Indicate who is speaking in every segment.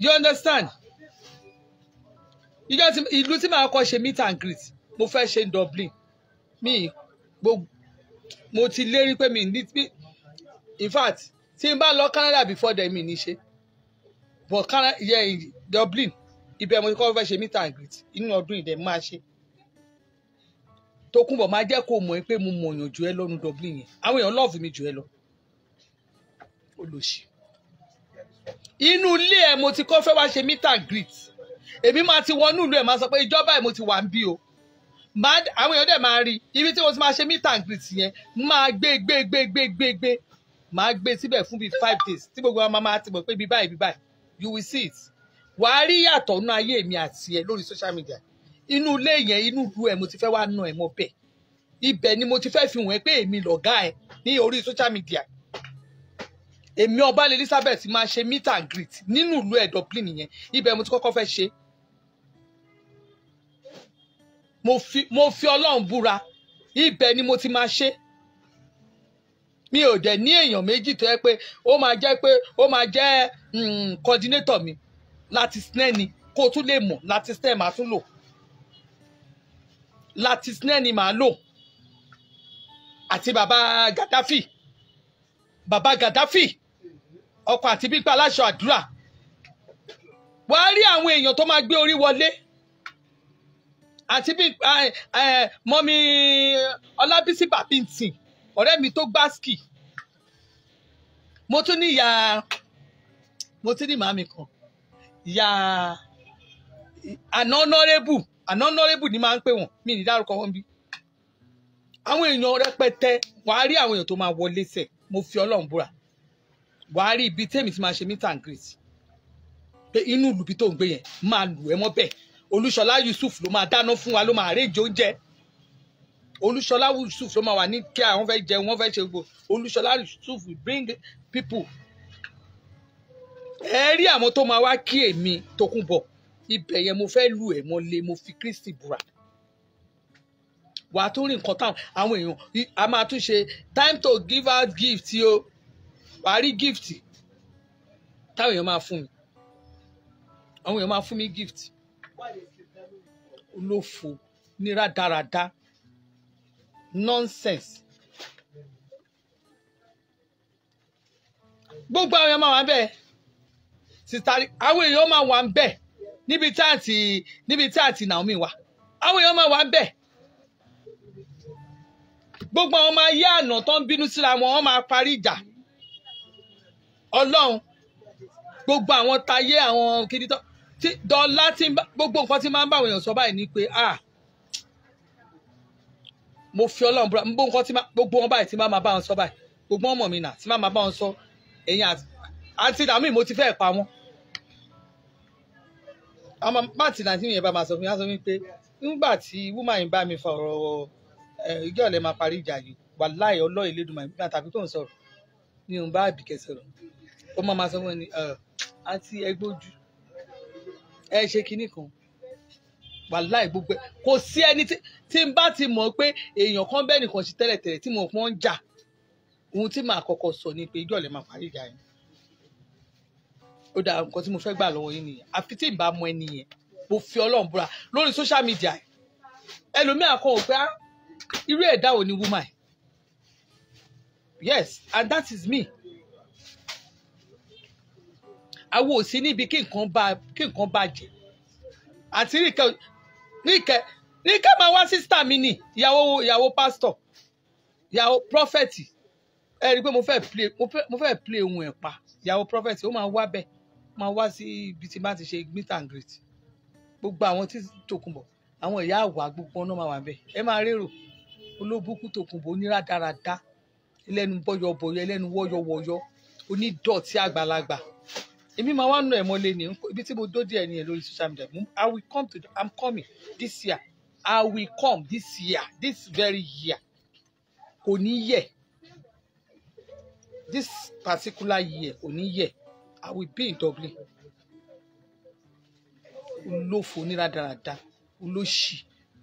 Speaker 1: you understand ìjọ tí ìlú tí màá kọ́ ṣe meet and greet mo fẹ́ ṣe Dublin mi mo ti lérí pé mi me. in fact tí n bá lọ Canada before then mi ní ṣe but Canada yẹ Dublin ibẹ̀ mo ti kọ́ fẹ́ ṣe meet and greet inú ọdún ìdẹ̀ máa ṣe Tókunbọ̀ máa jẹ́ kó mọ̀ pé mo mọ̀yàn jù ẹ lọ́nu Dublin yẹn àwọn èèyàn lọ́ọ̀fù mi jù ẹ lọ olóṣì inú ilé ẹ̀ mo ti kọ́ fẹ́ wá ṣe meet and greet èmi máa ti wọnú ìlú ẹ̀ máa sọ pé ìjọba ẹ̀ mo ti wà ń bí o àwọn èèyàn dẹ̀ máa rí ibi tí mo ti máa ṣe meet and greet yẹn máa gbé gbé gbé gbé gbé gbé máa gbé síbẹ̀ fún bíi five days tí gbogbo wa máa ti mọ̀ pé bíi báyìí bíi báyìí you will see it wà á rí yàtọ̀ nínú ayé mi àti ẹ lórí social media inú ilé yẹn inú ìlú ẹ̀ mo ti fẹ́ wá nà ẹ̀ mọ́ bẹ́ẹ̀ ibẹ̀ ni mo ti fẹ́ fi hàn ẹ́ pé èmi lọ̀gá ẹ̀ ní orí social media èmi ọba elizabeth máa ṣe meet and greet nínú ìlú ẹ̀ dublin yẹn ibẹ̀ mo ti kọ́kọ́ fẹ́ ṣe mo fi ọlọ́run búra ibẹ̀ ni mo ti máa ṣe mi ò dẹ̀ ní èèyàn méjì tó yẹ pé ó máa jẹ́ pé ó máa jẹ́ mm, coordinator mi láti snare ni kó o tún lè mọ̀ láti snare máa tún lò láti snare ni màá lò àti bàbá gaddafi bàbá gaddafi ọkọ̀ àti pípa aláṣọ àdúrà wàá rí àwọn èèyàn tó máa gbé orí wọlé àti bí mọ́mí ọlábísí bàbíntì ọ̀rẹ́ mi tó gbáskì mo tún ní ìyá mo tún ní màmí kan ìyá ànánọ́rẹ́bù ànánọ́rẹ́bù ni máa ń pè wọ́n mi ní dárúkọ wọn bí àwọn èèyàn rẹpẹtẹ wàá rí àwọn èèyàn tó máa wọlé sẹ̀ mo fi ọlọ́run búra wàá rí ibi tẹ́mi ti máa ṣe meet and greet pé inú ìlú ibi tó ń gbé yẹn máa lù ẹ́ mọ́ bẹ́ẹ̀ olúṣọlá yusuf ló máa dáná fún wa ló máa àrèjì oúnjẹ olúṣọlá yusuf ló máa wà ní kí àwọn fẹ́ jẹun wọ́n fẹ́ ṣe gbogbo olúṣọlá yusuf bring people ẹ rí àwọn tó máa wá kí èmi Tókunbọ̀ ibẹ̀ yẹn mo fẹ́ lù ẹ̀ mọ́lẹ̀ mo fi kristi búra wà á tún rí nǹkan táwọn àwọn èèyàn a máa tún ṣe time to give out gift o Parí gifti, gift táwọn èèyàn máa fún mi àwọn èèyàn máa fún mi gift olófo ní rada nonsense gbogbo àwọn èèyàn máa wà bẹ́ẹ̀ sitari àwọn èèyàn máa wà bẹ́ẹ̀ níbi tí àti níbi tí àti Naomi wà àwọn èèyàn gbogbo àwọn ọmọ ayé àná tó ń bínú síra wọn wọn ọlọ́run gbogbo àwọn tayé àwọn kiri tó tí dọ́là tí gbogbo nǹkan tí máa ń bá àwọn èèyàn sọ báyìí ni pé ah mo fi ọlọ́run búra gbogbo nǹkan tí gbogbo wọn báyìí tí máa máa bá wọn sọ báyìí gbogbo ọmọ mi nà tí máa máa bá wọn sọ ẹ̀yìn àti dàmí mo ti fẹ́ pa wọn. àwọn pàtì nàìjíríà yẹn bá máa sọ fún mi wọ́n sọ fún mi pé nígbà tí wúmà yìí bá mi fa ọ̀rọ̀ ìgbẹ́ ọ̀lẹ́ máa parí ìjà yìí wàláì ọlọ́ọ̀ẹ́lẹ́dùnmáì nígbà tàbí tó ń sọ̀rọ̀ ni òun bá àbíkẹ́ sọ̀rọ̀ ó máa máa sọ fún ẹni àti ẹgbójú ẹ ṣe kinní kan wàláì gbogbo ẹ kò sí ẹni tí n bá ti mọ̀ pé èèyàn kan bẹ́ẹ̀ nìkan ṣe tẹ́lẹ̀tẹ́lẹ̀ tí mo pọ́n ń jà ohun tí màá kọ́kọ́ sọ ni pé ìjọ́lẹ̀ máa parí ìjà yẹn ó dáa nǹkan tí mo fẹ́ gbà lọ́wọ́ yín nìyẹn àfi tí n bá mọ ẹni yẹn mo fi ọlọ́run búra lórí social media ẹlòmíà kan ò pé ah, irú ẹ̀dá ò ní woman yes and that is me àwo ò sí níbi kí nǹkan bá kí nǹkan bá jẹ àti ríkẹ ríkẹ ríkẹ máa wá sísítà mi nì ìyàwó ìyàwó pásítọ̀ ìyàwó prọfẹtì ẹ rí i pé mo fẹ́ play mo fẹ́ play ohun ẹ̀ pa ìyàwó prọfẹtì ó máa wá bẹ̀ máa wá sí ibi tí n bá ti ṣe meet and greet gbogbo àwọn tí tòkunbọ̀ àwọn ìyá àwà gbogbo ọ̀nà máa wà bẹ̀ ẹ máa rérò olóbùkún tòkunbọ̀ oníradàradà ẹlẹ́nu bọ́yọ̀bọ̀yọ̀ ẹlẹ́nu wọ́yọ̀wọ́yọ̀ onídọ̀tí àgbàlagbà èmi máa wá nù ẹ̀ mọ́lé ni ibi tí mo dó díẹ̀ ni ẹ̀ lórí social media i will come to i'm coming this year i will come this year this very year kò ní yẹ this particular year kò ní yẹ i will be in Dublin olófo níradaràda olóṣì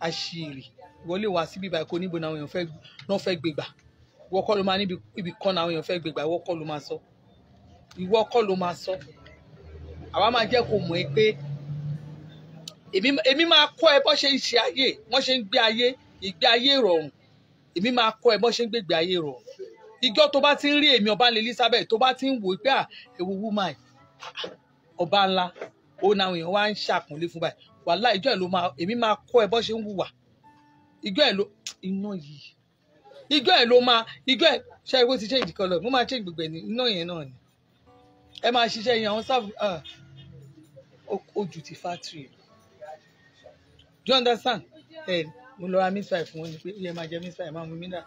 Speaker 1: àṣìírí ìwọlé wá síbi ìbáyìí kò níbo náà èèyàn náà fẹ́ gbégbà ìwọ kọ́ ló máa níbi kan náà èèyàn fẹ́ gbégbà ìwọ kọ́ ló máa sọ ìwọ ló máa sọ àwa máa jẹ́ kó mọ̀ ẹ́ pé èmi máa kọ́ ẹ bó ṣe ń ṣe ayé wọ́n ṣe ń gbé ayé ìgbé ayé ìrọ̀rùn èmi máa kọ́ ẹ bó ṣe ń gbégbé ayé ìrọ̀rùn ìjọ tó bá ti ń rí èmi ọba ńlẹ Elizabeth tó bá ti ń wò pé à ewu woman ọba ńlá òun àwọn èèyàn wá ń ṣàpọ́nlé fún báyìí wàhálà ìjọ ẹ ló máa èmi máa kọ́ ẹ bó ṣe ń hùwà ìjọ ẹ ló iná yìí ìjọ ẹ ló máa ìjọ ẹ ṣe é wó ti ṣe ìdíkọ lọ mo máa ṣe gbogbo ní iná yẹn náà ni ẹ máa ṣiṣẹ́ yẹn àwọn sáfù ó ju ti factory lọ do you understand ẹ mo lọ ra mixer fún wọn ni pé ó yẹ máa jẹ mixer máa mu mineral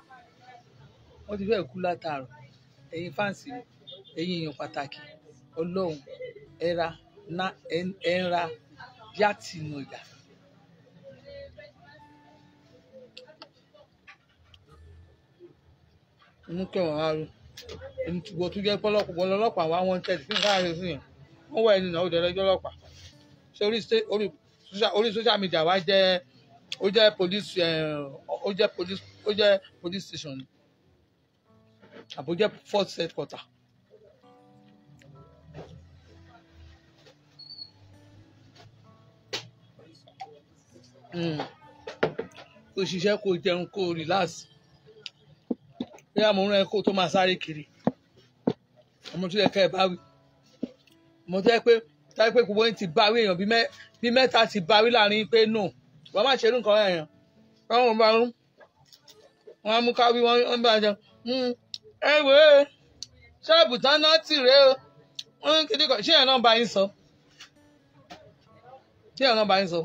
Speaker 1: wọ́n ti fẹ́ẹ̀ kú látàárọ̀ ẹ̀yin fáǹsì ẹ̀yin èèyàn pàtàkì ọlọ́run ẹra na ẹra yàtìnàyà. inú kẹwọn arú ìwọ tó jẹ pọlọpọ ọlọ́pàá wa wọ́n tẹsí fún káàrin sí yẹn wọ́n wá ẹni náà ó dẹrẹjọ ọlọ́pàá orí orí orí social media wa jẹ́ ó jẹ́ police eh, ó jẹ́ police ó jẹ́ police station àbó jẹ́ force headquarter. Hmm. kò ṣiṣẹ́ kò jẹun kò relax bí àmọ́ ń rẹ kó tó máa sáré kiri àmọ́ tó yẹ ká ẹ bá wí àmọ́ tó yẹ pé táyé pé gbogbo yín ti bá wí èèyàn bíi mẹ́ta ti bá wí láàrin pé nù wọ́n má ṣerú nǹkan èèyàn wọ́n bá rún wọ́n á mú káwí wọ́n bá jẹun hmm. ẹ wò ṣọ́ọ̀bù tán náà tì rèé o wọ́n kìdí kan ṣé náà bá yín sọ ṣé náà bá yín sọ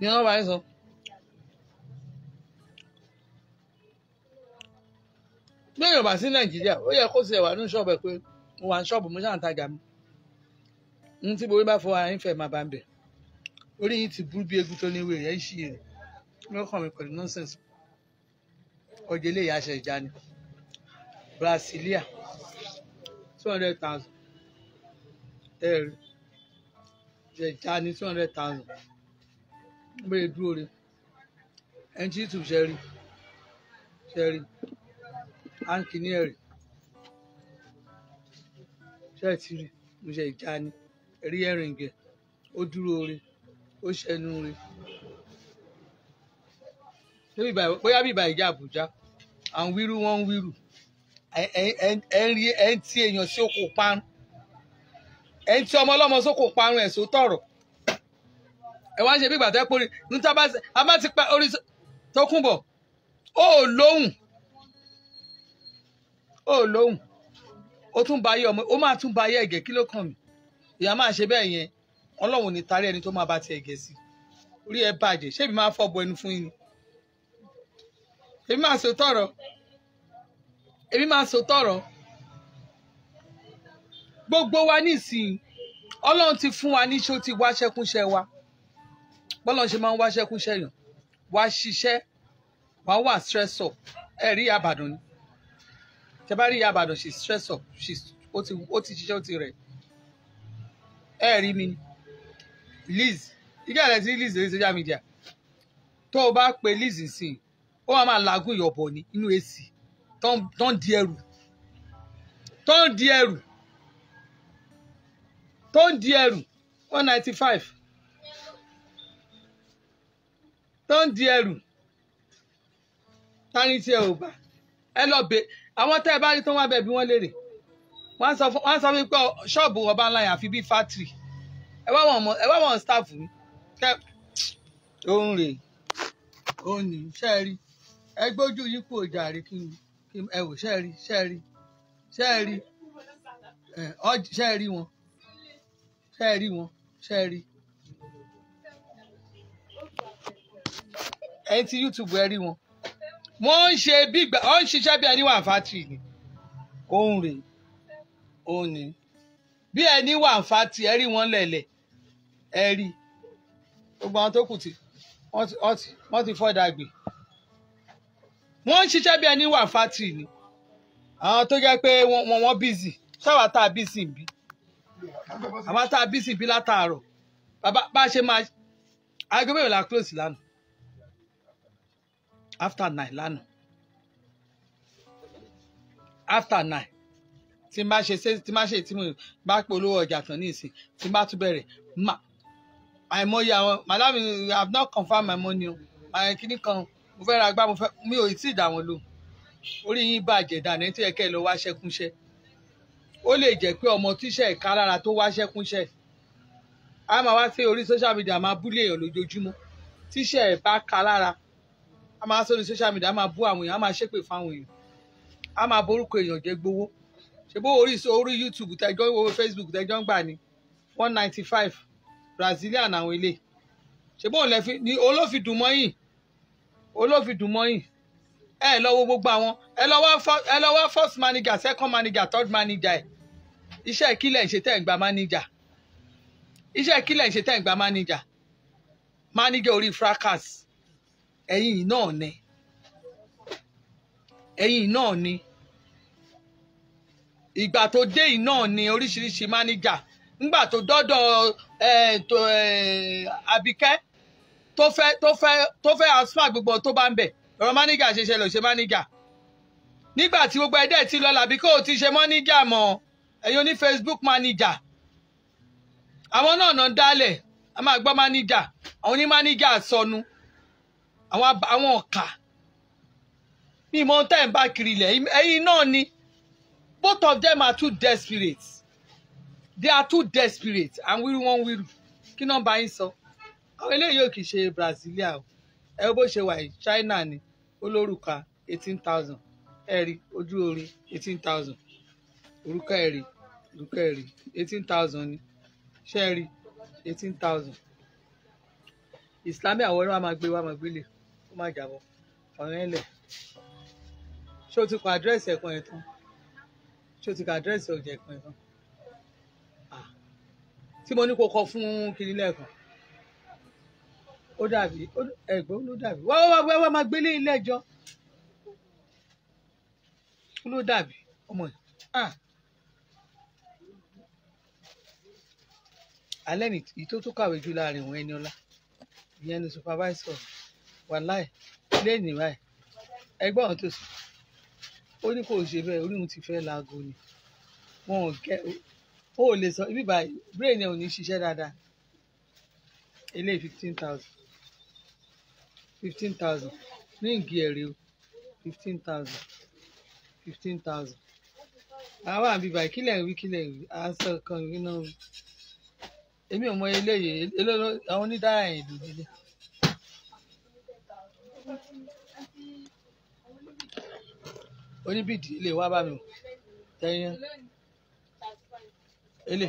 Speaker 1: èèyàn náà bá yín sọ. bí èèyàn bá sí nàìjíríà ó yẹ kó ṣe wà ní ṣọ́ọ̀bù ẹ̀ pé wà ní ṣọ́ọ̀bù mo ṣáà mi n tí borí bá fọ àárín fẹ máa bá ń bẹ orí yìí ti burú bí egun tó ní wèrè ẹ ń ṣí mi pẹ̀lú nonsense ọjà eléyìí aṣọ ìjà ni Brasilia two hundred thousand ẹ̀rí ìjà ni two hundred thousand bẹ́ẹ̀ dúró rẹ̀ ẹni tí YouTube ṣe rí ṣe rí áńkì ní ẹ̀rí ṣe ti rí mo ṣe ìjà ni rí ẹ̀rìn gẹ̀ ó dúró re ó ṣẹnu re bóyá bíbá ìjà Àbújá à ń wíru wọ́n ń wíru ẹ̀ ń rí ẹ̀ ń tí èèyàn sí òkò parun ẹ̀ ń tí ọmọ ọlọ́mọ sókò parun ẹ̀ só tọ̀rọ̀ ẹ wá ń ṣe bí ìgbà tó ẹ pórí níta bá ṣe a má ti pa orí tó kún bọ̀ ó lóhùn ó lóhùn ó tún bá yé ọmọ ó máa tún bá yé ẹ̀gẹ́ kí ló kàn mí èèyàn máa ṣe bẹ́ẹ̀ yẹn ọlọ́run ní tarí ẹni tó máa bá tiẹ̀ gẹ̀ sí orí ẹ bàjẹ́ ṣébi máa fọ́ bọ ẹnu fún yín èmi máa sọ tọ̀rọ̀ èmi máa sọ tọ̀rọ̀ gbogbo wa nísìnyí ọlọ́run ti fún wa níṣó ti wá ṣẹ́kúnṣẹ́ wa bọ́lọ́n ṣe máa ń wá ṣẹ́kúnṣẹ́ yàn wá ṣiṣẹ́ wá wà stressor ẹ rí Ìyá ni tẹ bá rí Ìyá Ìbàdàn stressor she ó ti ṣiṣẹ́ ó ti rẹ̀ ẹ rí mi Liz ìgbà rẹ ti rí Liz lórí social media tó o bá pe Liz sìn ó wàá máa làágùn ìyọ̀bọ̀ ní inú èsì tó ń di ẹrù tó ń di ẹrù tó di ẹrù one ninety five tó ń di ẹrù tani tí ẹ ò bá ẹ lọ bẹ àwọn tẹ ẹ bá rí tó wá bẹ bí wọn léèrè wọ́n sọ wọ́n sọ wípé ṣọ́ọ̀bù ọba ńlá yẹn àfi bíi fátìrì ẹ wá wọn ẹ wá wọn staff mi kẹ òun rè òun ní ṣe é rí ẹ gbójú yín kú ọjà rè kí n ẹ wò ṣe é rí ṣe wọn ṣe wọn ṣe é ti YouTube ẹ rí wọn wọ́n ń ṣe bí gbà wọ́n ń ṣiṣẹ́ bí ẹni wà fátìrì ni òun rèé ó ní bí ẹni wà ń fa ti ẹ rí wọn lẹ̀lẹ̀ ẹ rí gbogbo àwọn tó kù tí wọ́n ti fọ́ ìdàgbé wọ́n ń ṣiṣẹ́ bí ẹni wà ń fa tì ní àwọn tó jẹ́ pé wọ́n wọ́n bízì sáwà tá a bízì ń bí àwa tá a bízì ń bí látàárọ̀ bàbá bá a ṣe máa aago mẹ́wàá la close lánàá after nine lánàá after nine tí n bá ṣe tí n bá ṣe tí mo bá polówó ọjà tán ní ìsìn tí n bá tún bẹ̀rẹ̀ mà àìmọye àwọn madam i have not confirmed my money o àwọn kìíní kan mo fẹ́ ra gbá mo fẹ́ mi ò tí ì dà wọ́n lò orí yín bàjẹ́ dànù tí ẹ lọ wá ṣẹ́kúnṣẹ́ ó lè jẹ́ pé ọmọ tíṣẹ́ ìka lára tó wá ṣẹ́kúnṣẹ́ a máa wá sí orí social media máa búlé èèyàn lójoojúmọ́ tíṣẹ́ ẹ̀ bá ka lára a máa sórí social media máa bú àwọn èèyàn a máa ṣépè fáwọn èèyàn a máa borúkọ èèyàn jẹ́ gbowó ṣe bó orí orí YouTube tẹjọ wo Facebook tẹjọ ń gbà ní one ninety five Brazilian àwọn ilé ṣe bó ni olófìdùn mọ́yìn olófìdùn mọ́yìn ẹ lọ wo gbogbo àwọn ẹ lọ wá first manager second manager third manager ẹ iṣẹ́ kílẹ̀ ń ṣe tẹ̀ ń gba manager iṣẹ́ kílẹ̀ ń ṣe tẹ̀ ń gba manager manager orí fracas ẹ̀yìn náà ni ẹ̀yìn náà ni ìgbà tó dé yìí náà ni oríṣiríṣi mánéjà ńgbà tó dọ́dọ̀ Àbíkẹ́ tó fẹ́ tó fẹ́ tó fẹ́ asfaw gbogbo tó bá ń bẹ̀ ọ̀rọ̀ mánéjà ṣe ṣẹlẹ̀ ṣe mánéjà nígbà tí gbogbo ẹ̀dẹ́ ti lọ làbí kó ti ṣe mánéjà mọ́ ẹ̀yin oní Facebook mánéjà àwọn náà náà dálẹ̀ a máa gbọ́ mánéjà àwọn oní mánéjà sọnù àwọn ọ̀kà mímọ́ tẹ̀ ń bá kiri ilẹ̀ ẹ̀yin náà ni both of them are too desperate they are too desperate and wíru wọn wíru kí náà bá yín sọ àwọn eléyìí ò kì í ṣe Brasilia o ẹ bó ṣe wà yìí China ni olórúkà eighteen thousand ẹ̀rí ojú oore eighteen thousand orúkọ ẹ̀rí orúkọ ẹ̀rí eighteen thousand ni ṣẹ́ẹ̀rí eighteen thousand ìsìlámì àwọn ẹ̀rọ máa gbé wá máa gbélé ó máa jàbọ̀ ọ̀rẹ́ ẹ̀ lẹ̀ ṣé o ti kọ àdírẹ́sì ẹ̀kan ẹ̀ tán ṣé o ti ka àdírẹ́sì ọjà ìpín kan tí mo ní kó kọ fún kiri lẹ́ẹ̀kan ó dàbí ẹ̀gbọ́n ló dàbí wá wá wá wá máa gbélé ilé ẹjọ́ ló dàbí ọmọ yìí alẹ́ ní ìtó tó kàwé jù láàrin òun ẹni ọlá ìyẹn ni supervisor wàláì lẹ́yìn báyìí ẹgbẹ́ ọ̀hún tó sùn ó ní kò ṣe bẹ́ẹ̀ oníhun ti fẹ́ laago ni wọn ò kẹ́ ó lè sọ ibi báyìí brain ẹ̀ ò ní ṣiṣẹ́ dáadáa eléyìí fifteen thousand fifteen thousand ríǹgì ẹ̀rẹ́ o fifteen thousand fifteen thousand àwa àbí báyìí kílẹ̀ ń wí kílẹ̀ ń wí àásọ kan ìwé náà wí èmi ò mọ eléyìí àwọn onídàáyà ìdílé. oníbìdì ilé wa bá mi o ẹyin ilé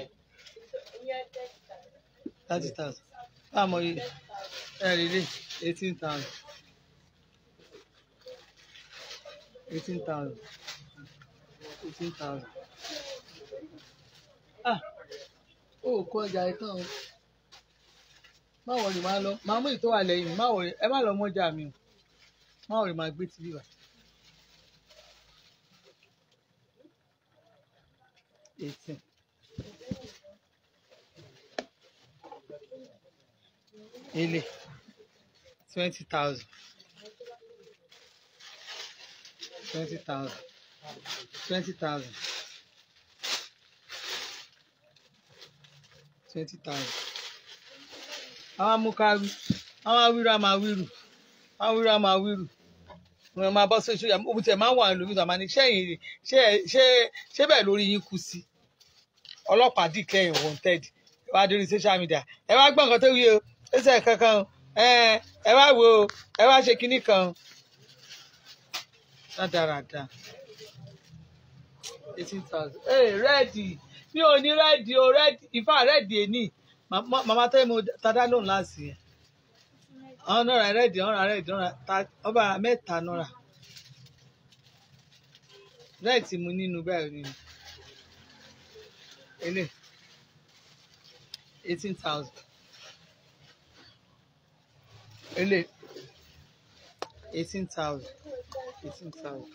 Speaker 1: thirty thousand báàmọ yìí ẹ̀rí ilé eighteen thousand eighteen thousand eighteen thousand ah ó kó ọjà yìí tán o má wọlé má lọ màmú ìtọ́wà lẹ́yìn má wọlé ẹ má lọ mọ́jà mi o má wọlé má gbé tìbí wa. eighteen. ilé twenty thousand twenty thousand twenty thousand twenty thousand àwọn amúkaru àwọn awíru àmàwíru àwọn awíru mo máa bọ́ sóṣù yà mo tiẹ̀ máa ń wà ní lómi tó àmà ní sẹ́yìn ṣé ṣé ṣé bẹ́ẹ̀ lórí yín kú sí ọlọ́pàá dìkẹ́ ẹ̀ wanted ẹ wá dórí social media ẹ wá gbọ́ nǹkan tó wí o ó sẹ̀ kankan ẹ wá wo ẹ wá ṣe kinní kan rádaràda rẹ́ẹ̀dì mi ò ní rẹ́ẹ̀dì o rẹ́ẹ̀dì ìfà rẹ́ẹ̀dì èní màmá tẹ́ mo tada lóhùn láti yẹn ọ̀nàrà rẹ́ẹ̀dì ọ̀nàrà rẹ́ẹ̀dì ọ̀nàrà ọba mẹ́ta nọ́ra rẹ́ẹ̀tì mu nínú báyìí nínú ele eighteen thousand ele eighteen thousand eighteen thousand.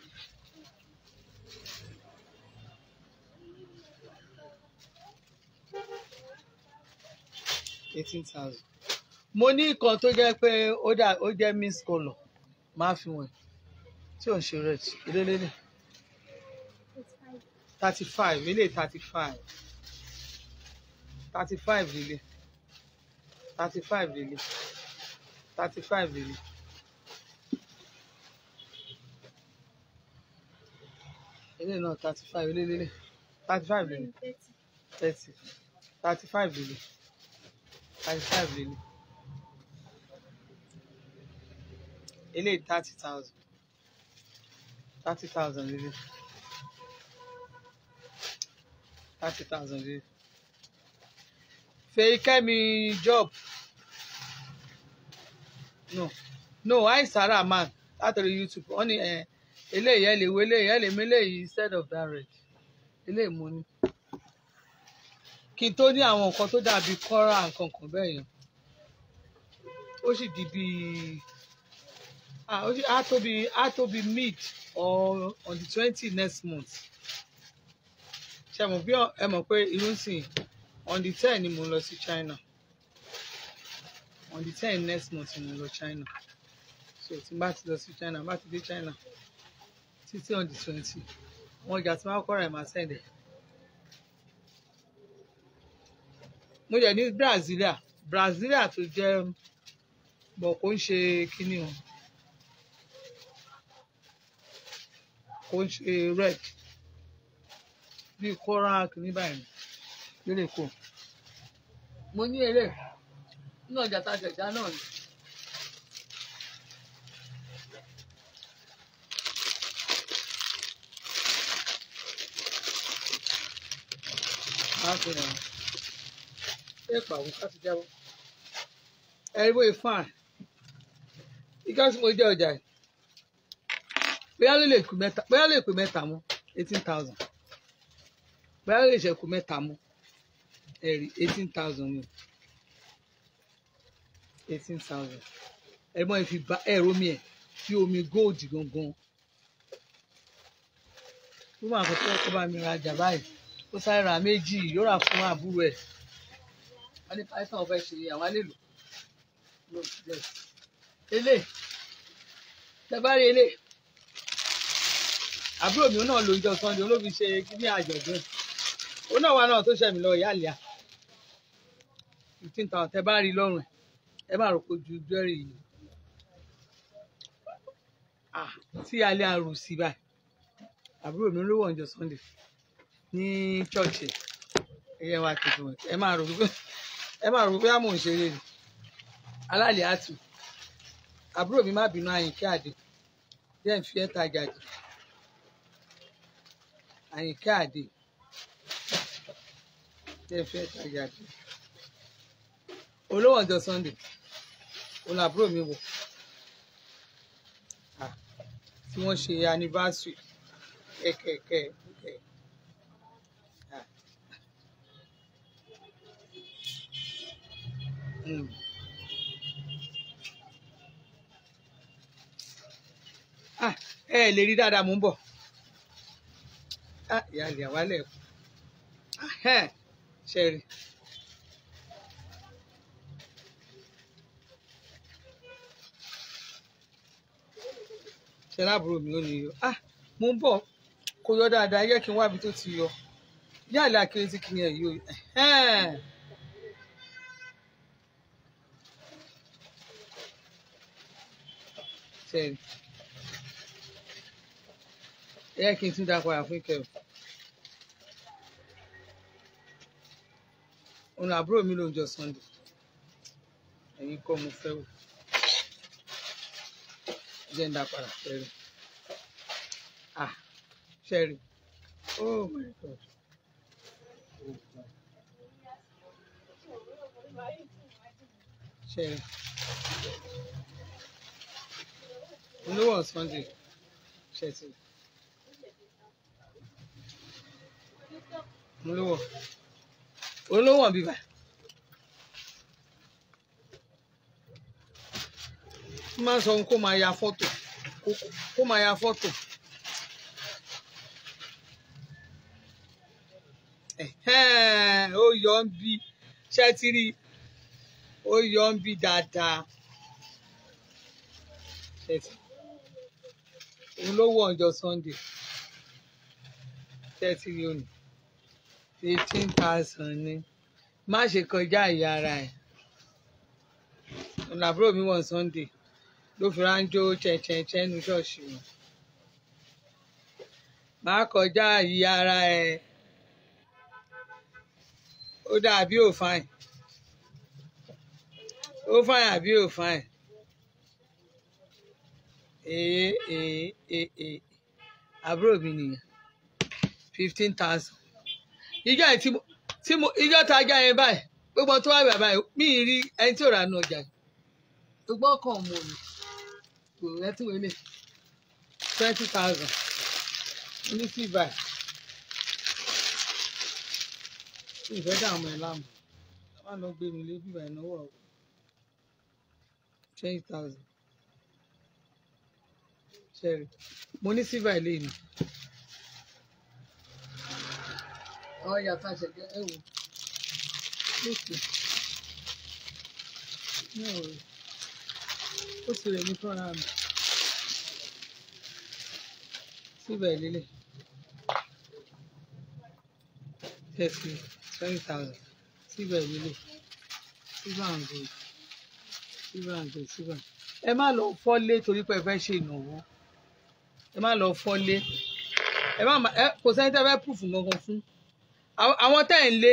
Speaker 1: Eighteen thousand mo ní nǹkan tó jẹ́ pé ó dà ó jẹ́ miss colour máa fi wọ̀n tí ò ń ṣe red ìdílé lè thirty five ilé thirty five thirty five ilé thirty five ilé thirty five ilé. ilé náà thirty five ilé lélẹ̀ thirty five lélẹ̀ thirty thirty five lélẹ̀ thirty five lélẹ̀. You need thirty thousand thirty thousand lílé thirty thousand Fake me job no no I aisara man látọ̀rí YouTube Only ní Ele ẹ lè wo eléyìí ẹ lè instead of that red eléyìí mo ní kí n tó ní àwọn nǹkan tó dàbí kọ́ra nǹkan kan bẹ́ẹ̀ yẹn ó di bíi a to be a to be mid or on the twenty next month ṣe mọ̀ bí ẹ mọ̀ pé irú sìn on the ten ni mo lọ sí China on the ten next month ni mo lọ China so tí n bá ti lọ sí China bá ti dé China títí on the twenty àwọn ọjà tí wọ́n kọ́ra ẹ̀ máa sẹ́ndẹ̀. mo jẹ ní Brasilia Brasilia tó jẹ́ bọ̀ kó ń ṣe kínní o kó ń red bíi kóra kìíní báyìí lórí èkó mo ní eré nínú ọjà tá a ṣẹ̀dá náà ni. àfihàn ẹ̀pà òun ká ti jábọ́ ẹ̀rí bóyá fáàn ìkásí mo jẹ́ ọjà yìí bóyá ló lè kú mẹ́ta bóyá ló lè pé mẹ́ta mọ́ eighteen thousand bóyá ló lè ṣẹ́kù mẹ́ta mọ́ ẹ̀rí eighteen thousand ni eighteen thousand ẹ̀rọ ẹ̀ fi ba ẹ̀rọ mi ẹ̀ fi omi góòdì gangan fún àwọn akọ̀tọ́ tó bá mi ra ajá báyìí ó sáré ra méjì yóò rà fún àbúrò ẹ̀ wọ́n ní python fẹ́ ṣe àwọn àlèlò eléyìí tẹ bá rí eléyìí àbúrò mi náà ló jọ sunday olóbi ṣe kíní àjọ̀dún òun náà wà náà tó ṣẹ̀mí lọ ìyá àlìyá fifteen thousand tẹ bá rí lọ́rùn ẹ má rò pé ju jẹ́rì yìí tí alẹ́ àrùn sí báyìí àbúrò mi ló wọ̀ ọjọ́ sunday ní chọ́ọ̀chì ẹ̀yẹ wa tuntun ẹ má rò pé ẹ ni alálẹ̀ àtù àbúrò mi má bínú àyìnkí àdè jẹ́ ń fi ẹ́ tajà jù àyíká àdè tẹ́ fẹ́ tajà dé olówó ọjọ́ sunday olàbúrò mi wò tí wọ́n ṣe anniversary kẹkẹkẹ kẹ mm. ah ẹ lè rí dáadáa mò ń bọ̀ ìyáálé àwálẹ̀ ṣẹ́rí. ṣẹlá àbúrò mi ló ní yọ ah mo ń bọ̀ kó yọ dáadáa yẹ kí n wábi tó ti yọ yáàlẹ akéré tí kìíní ẹ yọ ṣẹ́rí ẹ kí n tún dá padà fún ìkẹyọ òun àbúrò mi ló ń jọ sunday ẹ̀yin kọ́ mo fẹ́ wò jẹ́ ń dá padà fẹ́rẹ̀ ah ṣẹ́rí oh my god. ṣẹ́rí olówó sunday ṣẹ́tì. mo ló wọ̀ olówó bíbá. máa ń sọ kó máa ya fọ́tò kó máa ya fọ́tò. ó yọ ń bí ṣé ti rí ó yọ ń bí dáadáa. olówó ọjọ́ Sunday ṣé ti fifteen thousand ni má ṣe kọjá ìyá ara ẹ̀ ọ̀nà àbúrò mi wọ̀n Sunday ló fi ránjó chẹ̀chẹ̀chẹ̀ nu ṣọ́ọ̀ṣì wọn má kọjá ìyá ara ẹ̀ ó dáa bí ò fáìn ó fáìn àbí ò fáìn èè èè àbúrò mi nìyẹn fifteen thousand ìjọ yẹn tí mo tí mo ìjọ ta ajá yẹn báyìí gbogbo tó wà bàbá yìí mí rí ẹni tí ò rà nù ọjà yìí gbogbo ọkàn mọ mi kò rẹ tí wọlé twenty thousand ní fífa ìfẹ́ dààmú ẹ̀ láàmú wọn lọ gbé mi lé fífa ìnáwó ọ̀rọ̀ twenty thousand mo ní sílva ilé mi àwọn yàtọ̀ àṣẹjẹ ẹ wò lókè ní ọ̀rẹ́ ó sì rẹ̀ mí fúnra mi síbẹ̀ lílẹ̀ thirty twenty thousand síbẹ̀ lílẹ̀ síbẹ̀ àǹgò síbẹ̀ àǹgò síbẹ̀ ẹ má lọ fọ́lé torí pé ẹ fẹ́ ṣe ìnáwó ẹ má lọ fọ́lé ẹ má kò sẹ́ni tẹ́ fẹ́ púfù gangan fún àwọn tẹ́ ẹ̀ ń lé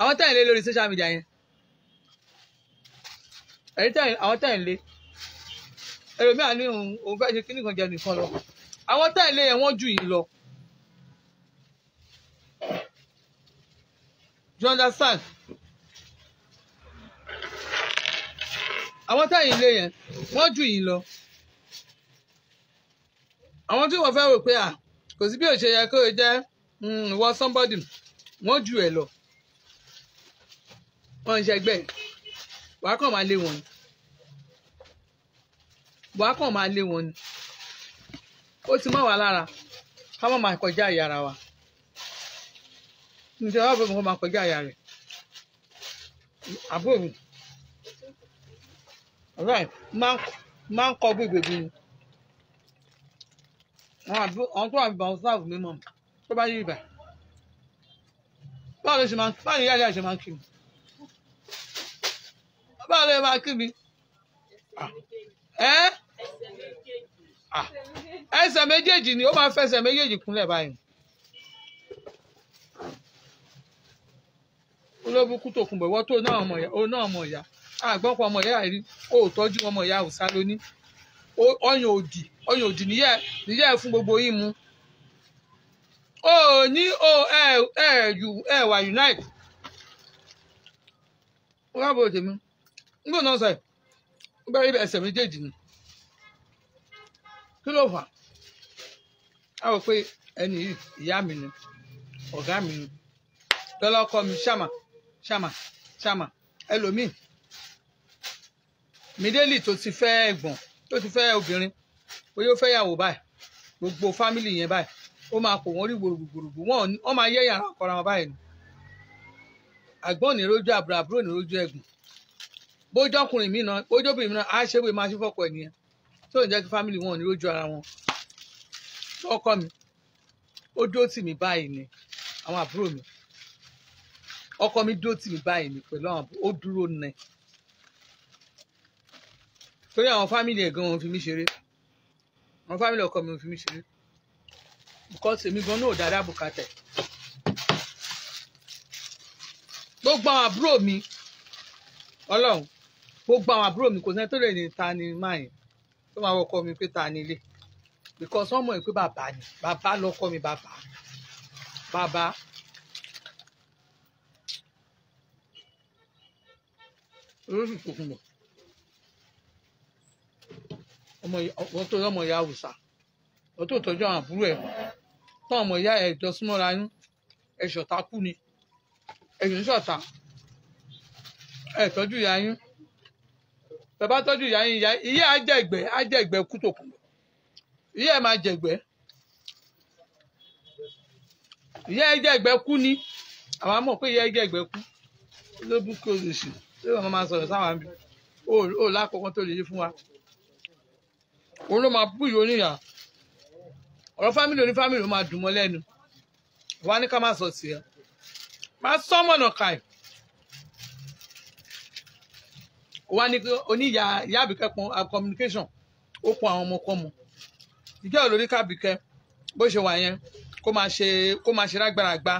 Speaker 1: àwọn tẹ́ ẹ̀ ń lé lórí social media yẹn ẹ̀rí tẹ́ àwọn tẹ́ ẹ̀ ń lé ẹlòmíà ní òun fẹ́ ṣe kíní kan jẹ nìkan lọ àwọn tẹ́ ẹ̀ ń lé yẹn wọ́n jù yìí lọ. Do you understand? àwọn tẹ́ ẹ̀ ń lé yẹn wọ́n jù yìí lọ. àwọn tí wọ́n fẹ́ rò pé à kò sí bí òṣèyẹ kó o jẹ́. Hmm, wọ somebody wọ́n jù ẹ̀ lọ wọ́n ń ṣẹgbẹ́ wàá kàn máa lé wọn ni wàá kàn máa lé wọn ni ó ti mọ́ wa lára ká má máa kọjá àyà ara wa ǹjẹ́ wàá bẹ̀rẹ̀ kó máa kọjá àyà rẹ̀ àbúrò right máa ń kọ bí bèbí ni àwọn tó àbí bàbá sáàbù mi mọ̀ tó bá yí ibà báwo ló ṣe máa báwo ìyá ìyá ṣe máa kí mi báwo ló ṣe máa kí mi ẹ ẹsẹ̀ méjèèjì ni ó máa fẹsẹ̀ méjèèjì kúnlẹ̀ báyìí olóbùkún tó kùnbọ̀ wọ́n tó náà ọmọ ìyá àgbọ̀pọ̀ ọmọ ìyá rí ó tọ́jú ọmọ ìyá òsá lóní ọyàn òdì ọyàn òdì níyẹ̀ níyẹ̀ fún gbogbo yín mu o ní o ẹ ẹ yù ẹ wà unite wọ́n á bọ̀ tèmi nígbà náà sọ̀rọ̀ ó bẹ̀rẹ̀ ibẹ̀ ẹsẹ̀ méjèèjì ni kí ló fà á wò pé ẹni yìí ìyá mi ni ọ̀gá mi ni lọ́lá ọkọ mi ṣàmà ṣàmà ṣàmà ẹlòmíì mídélì tó ti fẹ́ ẹ̀gbọ́n tó ti fẹ́ obìnrin bóyá ó fẹ́ yàwó báyìí gbogbo fámìlì yẹn báyìí ó máa kò wọ́n rí gbòrògbòrògbò wọ́n wọ́n máa yẹ́ yàrá ọ̀kọ́ra wọn báyìí àgbọ̀n ní rojú àbúrò àbúrò ní rojú ẹ̀gbọ́n bójú ọkùnrin mi náà bójú obìnrin mi náà á ṣe bóyá máa ṣe fọ́pọ̀ ẹ̀ tí ò ní jẹ́ kí fámìlì wọn ò ní rojú ara wọn ọkọ mi ó dúró tì mí báyìí ni àwọn àbúrò mi ọkọ mi dúró tì mí báyìí ni pẹ̀lú àwọn ó dúró nẹ torí àwọn fámìlì ẹ̀ gan wọn fi mí ṣeré àwọn fámìlì ọkọ mi fi mí ṣeré because èmi gan náà ò dáadáa bùkátẹ̀ gbogbo àwọn àbúrò mi ọlọ́run gbogbo àwọn àbúrò mi kò sẹ́ni tó lè ní ta ni máa yẹn tó máa wọkọ mi pé ta ni ilé because wọ́n mọ̀ pé bàbá ni bàbá lọ́kọ mi bàbá bàbá. olórí ìkókun bọ̀ ọmọ ọtọ ọmọ ìyá haúsá ọtọ ìtọ́jú àwọn àbúrò ẹ̀ tó ọmọ ìyá ẹ̀ jọ súnmọ́ra yín ẹ̀ ṣọ̀tá kú ni ẹ̀yìn ṣọ̀tá ẹ̀ tọ́jú ìyá yín bàbá tọ́jú ìyá yín ìyá ìyá ajẹ́gbẹ́ ajẹ́gbẹ́ kú tó kù ìyá ẹ̀ máa jẹ̀gbẹ́ ìyá ẹ̀ jẹ̀gbẹ́ kú ni àwọn amọ̀ pé ìyá ẹ̀ jẹ̀gbẹ́ kú ló bú kí o lè sùn ló bá máa sọ̀rọ̀ sáwọn àbí ó lákòókò tó lè yí fún wa òun ló máa bú ìyóníyàá ọ̀rọ̀ fámìlì oní fámìlì ó máa dùn mọ́ lẹ́nu wá ní ká má sọ tiẹ̀ má sọ́mọ̀nà kàì wá ní oníyà yábìkẹ́ pọn communication ó pọn àwọn ọmọkọ́mọ ìjọ lórí kábìkẹ́ bó ṣe wà yẹn kó máa ṣe kó máa ṣe rágbàràgbà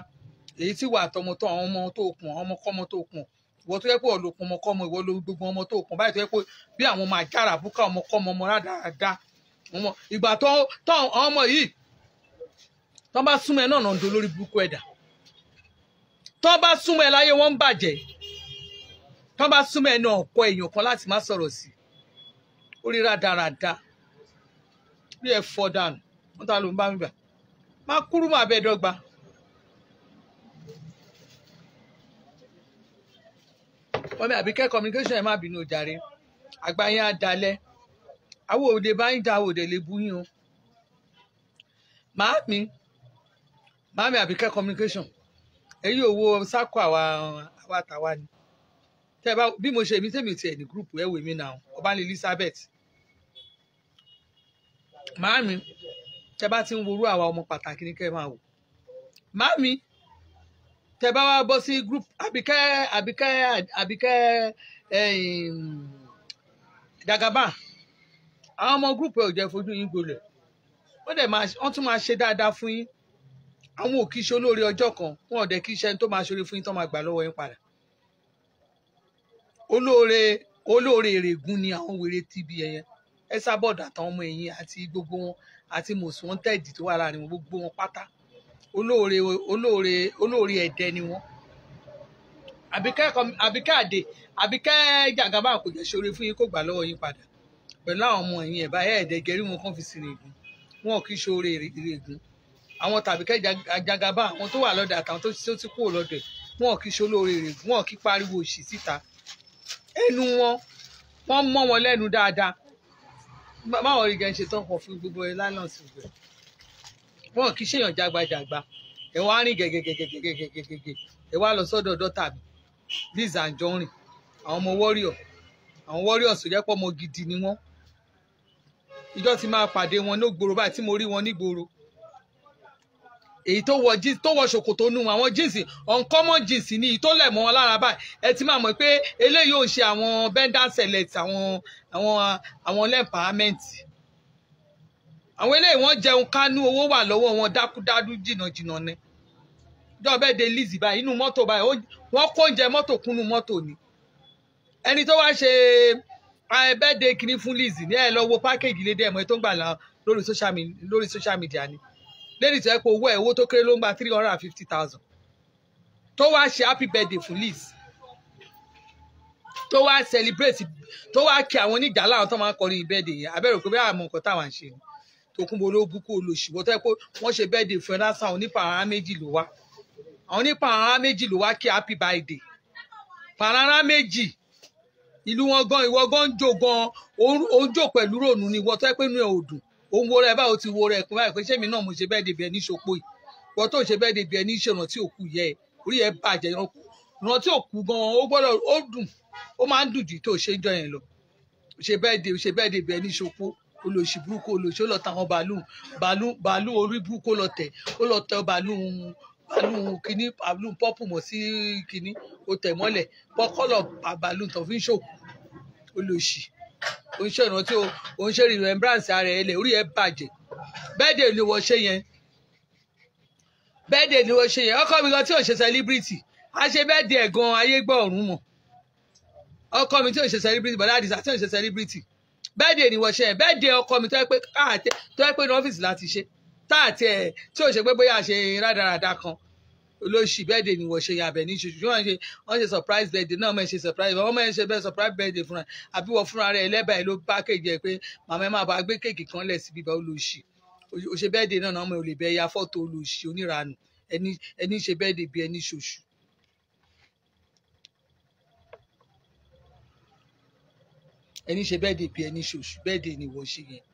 Speaker 1: èyí tí wà àtọmọ tó àwọn ọmọ tó kùn àwọn ọmọkọ́mọ tó kùn ìwọ tó yẹ pé ọlọpọ ọmọkọ́mọ ìwọ ló gbogbo ọmọ tó kùn báyìí tó yẹ pé bí àwọn ọmọ àjàrà búkà ọmọkọ́mọ ọmọ rádaràda ọmọ ìgbà tó tó ọmọ yìí tó bá súnmọ́ ẹ náà nà ń do lórí burúkú ẹ̀dá tó bá súnmọ́ ẹ láyé wọ́n ń bàjẹ́ tó bá súnmọ́ ẹ náà ọ̀pọ̀ èèyàn kan láti má sọ̀rọ̀ sí orí rádaràda bí ẹ fọ́ dànù wọ́n ta ló ń bá mi gbà má kúrú má bẹ́ẹ̀ dọ́gba. wọ́n mi àbí kẹ́ communication ẹ̀ má bínú jàre àgbáyé á dalẹ̀ àwọn òde bá ń da òde lè bú yín o màámi màámi àbíkẹ́ communication èyí ò wo sáko àwa àwa tàwa ni tẹ bá bí mo ṣe èmi tèmi tiẹ̀ ní group ẹ̀ wèmí náà ọba ní Elizabeth màámi tẹ bá ti ń worú àwa ọmọ pàtàkì ní kẹ́ máa wò màámi tẹ bá wá bọ́ sí group àbíkẹ́ àbíkẹ́ àbíkẹ́ dagaba àwọn ọmọ gúrùpù ẹ̀ ò jẹ́ fojú yín gbolẹ̀ wọ́n dẹ̀ máa wọ́n tún máa ṣe dáadáa fún yín àwọn ò kì í ṣe olóore ọjọ́ kan wọn ò dẹ̀ kì í ṣe ẹni tó máa ṣoore fún yín tó máa gbà lọ́wọ́ yín padà olóore olóore èrègùn ni àwọn wèrè tíbi ẹ̀yẹn ẹ sábọ̀dà àtàwọn ọmọ ẹ̀yìn àti gbogbo wọn àti mòsùn wọn tẹ̀dì tó wà láàrin wọn gbogbo wọn pátá olóore olóore olóore ẹ̀dẹ́ ni wọ́n àbíkẹ́ àdè àbíkẹ́ jàǹgàbá kò jẹ́ fún yín kó gbà lọ́wọ́ yín padà pẹ̀lú àwọn ọmọ yìí ẹ̀bá ẹ̀ẹ́dẹ́gẹ́rí wọn kàn fi sin ègún wọn kì í ṣoore ègún àwọn tàbí kẹ́jà àjàgàbá àwọn tó wà lọ́dọ̀ àtàwọn tó ti kúrò lọ́dọ̀ ẹ̀ wọn kì í ṣolóore ègún wọn kì í pariwo òṣì síta ẹnu wọn wọn mọ wọn lẹ́nu dáadáa báwọn rí gan ṣe tán kọ fún gbogbo ẹ lánàá sí ibẹ̀ wọn kì í ṣèyàn jágbajàgba ẹ wá rìn gẹgẹgẹgẹgẹgẹgẹ ẹ wá lọ sọ́dọ̀ dọta mi Lizzy Anjorin àwọn ọmọ warrior àwọn warrior sọ ọmọ gidi ni wọn ìjọ ti máa pàdé wọn ní gbòòrò báyìí tí mo rí wọn ní gbòòrò èyí tó wọ jeans tó wọ ṣòkòtò nu àwọn jeans uncommon jeans ni èyí tó lẹ̀ mọ́ wọn lára báyìí ẹ ti máa mọ̀ pé eléyìí ò ń ṣe àwọn bender select àwọn àwọn àwọn empowerment àwọn eléyìí wọ́n jẹun kánú owó wà lọ́wọ́ wọn dákúdádú jìnnàjìnnà ni dọ́bẹ̀ de liz báyìí inú mọ́tò báyìí wọ́n kó oúnjẹ mọ́tò kúnnú mọ́tò ni ẹni tó wá ṣe birthday kìíní fún Lizzy ní ẹ lọ wo package ilé dẹ́mọ̀ tó ń gbà lórí social media lórí social media ni lẹ́yìn tó yẹ pé owó ẹ̀ tó kéré ló ń gba three hundred and fifty thousand tó wá ṣe happy birthday fún Lizzy tó wá celebrate tó wá kí àwọn onídàálà àwọn tó máa ń kọrin birthday yẹn abẹ́rẹ́ òkú bí àwọn ọkọ̀ táwọn ń ṣe ni Tòkunbó ló bú kó lò ṣùgbọ́n tó yẹ pé wọ́n ṣe birthday fún ẹ lásán àwọn onípa ara méjì ló wá àwọn onípa ara méjì ló wá kí happy birthday pàrọ̀ ara méjì ìlú wọn gan ìwọ gan ń jó gan ó ń jó pẹ̀lú ròònù ni ìwọ tó ẹ pé inú ẹ ò dùn ó ń wo rẹ báwo ti wo rẹ pé báyìí pé ṣé mi náà mo ṣe bẹ́ẹ̀ dèbí ẹ ní ṣopó yìí ìwọ tó ṣe bẹ́ẹ̀ dèbí ẹ ní ṣèrànà tí òkú yẹ ẹ orí ẹ bàjẹ́ ìránkù ìran tí òkú gan ó gbọ́dọ̀ ó dùn ó máa ń dùn jù tó ṣe ń jọ yẹn lọ ṣe bẹ́ẹ̀ dèbí ṣe ní ṣopó olóṣì burúkú olóṣì ó lọ tàwọn bàálù bàálù bàálù orí burúkú lọ tẹ ó lọ tẹ bàálù bàálù kínní bàálù pọ́pù mọ̀ sí kínní ó tẹ̀ mọ́lẹ̀ pọ́kọ́lọ̀ bàálù tó fi ń ṣòkú olóṣì oníṣẹ́ ìrántí o oníṣẹ́ remembrance ara ẹ̀ lẹ̀ orí ẹ̀ bàjẹ́ bẹ́ẹ̀dẹ̀ ni wọ́n ṣe yẹn bẹ́ẹ̀dẹ̀ ni wọ́n ṣe yẹn ọkọ mi kan tí ò ń ṣe celebrity a ṣe bẹ́ẹ̀dẹ̀ ẹ̀ gan ayé gbọ́ ọ̀run mọ̀ ọkọ mi tí ò ṣe celebrity bọ̀dá àdìsá tí ò ń ṣe celebrity bẹ́ẹ̀dẹ̀ ni wọ́n ṣe yẹn bẹ́ẹ̀dẹ̀ ọkọ mi tó yẹ pé ní ọ́fíìsì láti ṣe táàtì ẹ̀ tí ò ń ṣe pé bóyá àṣe rádaràda kan olóṣì bẹ́ẹ̀dẹ̀ ni wọ́n ṣe yan abẹ ní ṣoṣù wọ́n ṣe wọ́n ṣe surprise birthday náà ọmọ ṣe surprise birthday ọmọ ẹ̀ ṣe bẹ́ẹ̀ surprise birthday fúnra àbí wọ́n fúnra rẹ̀ ẹlẹ́bàá ló package ẹ̀ pé màmá ẹ̀ máa bá gbé kéèkì kan lẹ̀ sí bíbá olóṣì o ṣe birthday náà ọmọ ẹ̀ ò lè bẹ́ẹ̀ ya fọ́tò olóṣì oníranù ẹni ṣe birthday bí ẹni ṣoṣù. ẹni ṣe birthday bí ẹni ṣoṣù birthday ni wọ́n ṣe yẹn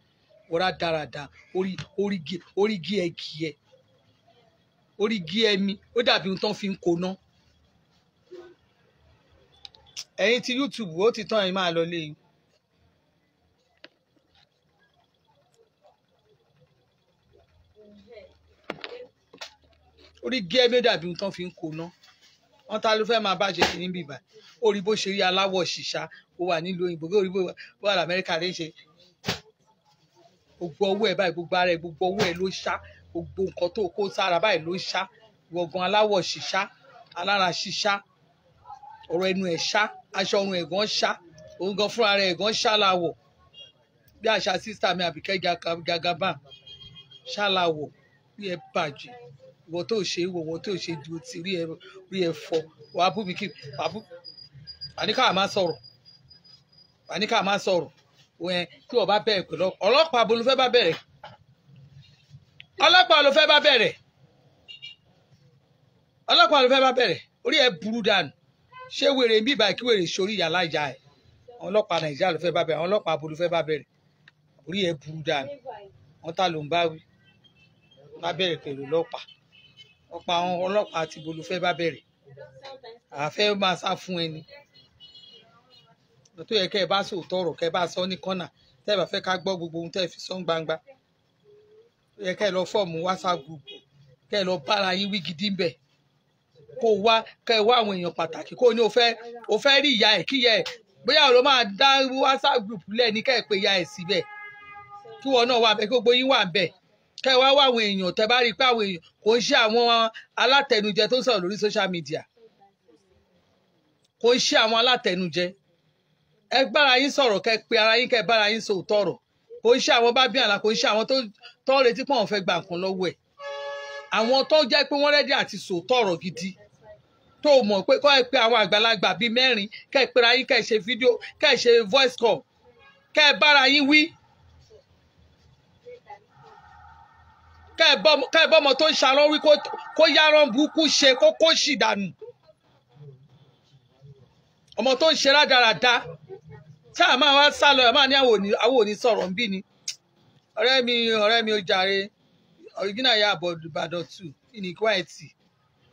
Speaker 1: wọ́n rá dáradá orí orí gí ẹ̀kí ẹ̀ orí gí ẹmi ó dàbí ohun tán fi ń koná ẹ̀yin ti YouTube ó ti tán ẹ̀yin máa lọ lé yín. orí gí ẹmi ó dàbí ohun tán fi ń koná wọn ta ló fẹ́ máa bá ṣe kìíní bìbà orí bó ṣe rí aláwọ̀ ṣìṣà ó wà nílùú òyìnbó orí bó wà lamẹ́ríkà lè ṣe gbogbo ọwọ́ ẹ̀ báyìí gbogbo ara ẹ̀ gbogbo ọwọ́ ẹ̀ ló ṣá gbogbo nǹkan tó kó sára báyìí ló ṣá ìwọ̀gàn aláwọ̀ ṣìṣá alára ṣìṣá ọ̀rọ̀ ẹnu ẹ̀ ṣá aṣọ ọrùn ẹ̀gàn ṣá òun gan fúnra rẹ̀ ẹ̀gàn ṣá làwọ̀ bí àṣà sísá mi àbíkẹ́ gàgàbà ṣá làwọ̀ bí ẹ bàjẹ́ ìwọ tó ṣe ìwọ ìwọ tó ṣe ju ti rí ẹ rí ẹ fọ wàá bú mi kí wàá bú àníkà má sọ̀rọ̀ àníkà má sọ̀rọ̀ òun ẹ tí wọ́n bá bẹ̀rẹ̀ pẹ̀lú ọlọ́pàá abolúfẹ́ bá bẹ̀rẹ̀ ló fẹ́ bá bẹ̀rẹ̀ ọlọ́pàá ló fẹ́ bá bẹ̀rẹ̀ orí ẹ̀ burú dànù ṣé wèrè ń bí ìbá kí wèrè sórí ìyá láìjà ẹ̀ àwọn ọlọ́pàá nàìjíríà ló fẹ́ bá bẹ̀rẹ̀ àwọn ọlọ́pàá abo ló fẹ́ bá bẹ̀rẹ̀ orí ẹ̀ burú dànù wọ́n ta ló ń bá wí bá bẹ̀rẹ̀ pẹ̀lú ọlọ́pàá ọ̀pá àwọn ọlọ́pàá àti ibo ló fẹ́ bá bẹ̀rẹ̀ àfẹ́ máa sá fún ẹni tó yẹ kẹ́ ẹ bá sòótọ́ ọ̀rọ̀ kẹ́ ẹ bá sọ ní kọ́nà tẹ́ ẹ bá fẹ́ ká gbọ́ gbogbo ohun tẹ́ ẹ fi sọ ń gbangba yẹ kẹ́ ẹ lọ fọ́ọ̀mù whatsapp group kẹ́ ẹ lọ bára yín wí gidi ń bẹ̀ kó wá kẹ́ ẹ wá àwọn èèyàn pàtàkì kó ní o fẹ́ o fẹ́ rí ìyá ẹ̀ kíyẹ ẹ̀ bóyá o ló máa dá whatsapp group lẹ̀ ní ẹ pé ìyá ẹ̀ síbẹ̀ kí wọn náà wà bẹ́ẹ̀ kí gbogbo yín wà bẹ́ẹ̀ kẹ́ ẹ wá wá àwọn èèyàn tẹ́ bá rí i pé àwọn èèyàn kò ń ṣe àwọn alátẹnujẹ tó ń sọ̀rọ̀ lórí social media kò ń ṣe àwọn alátẹnujẹ ẹ gbára yín sọ̀rọ̀ kẹ́ pe ara yín kẹ́ bára yín sòótọ́ ọ̀rọ̀ kò ń ṣe àwọn bá bí àlà kò ń ṣe àwọn tó ń retí pé àwọn fẹ́ gba nǹkan lọ́wọ́ ẹ̀ àwọn tó jẹ́ pé wọ́n rẹ́dí àti sòótọ́ ọ̀rọ̀ gidi tó mọ̀ pé kọ́ ẹ pé àwọn àgbàlagbà bíi mẹ́rin kẹ́ ẹ pera yín kẹ́ ẹ ṣe fídíò kẹ́ ẹ ṣe voice call kẹ́ ẹ bára yín wí kẹ́ ẹ bọ́mọ tó ń ṣarán wí kó yárán burúkú ṣe kó kó ṣì dànù ọmọ tó ń ṣe rádaràda tá a máa sá lọ ẹ máa ní àwọn òní sọ̀rọ̀ ni ọ̀rẹ́ mi ọrẹ mi ó jàre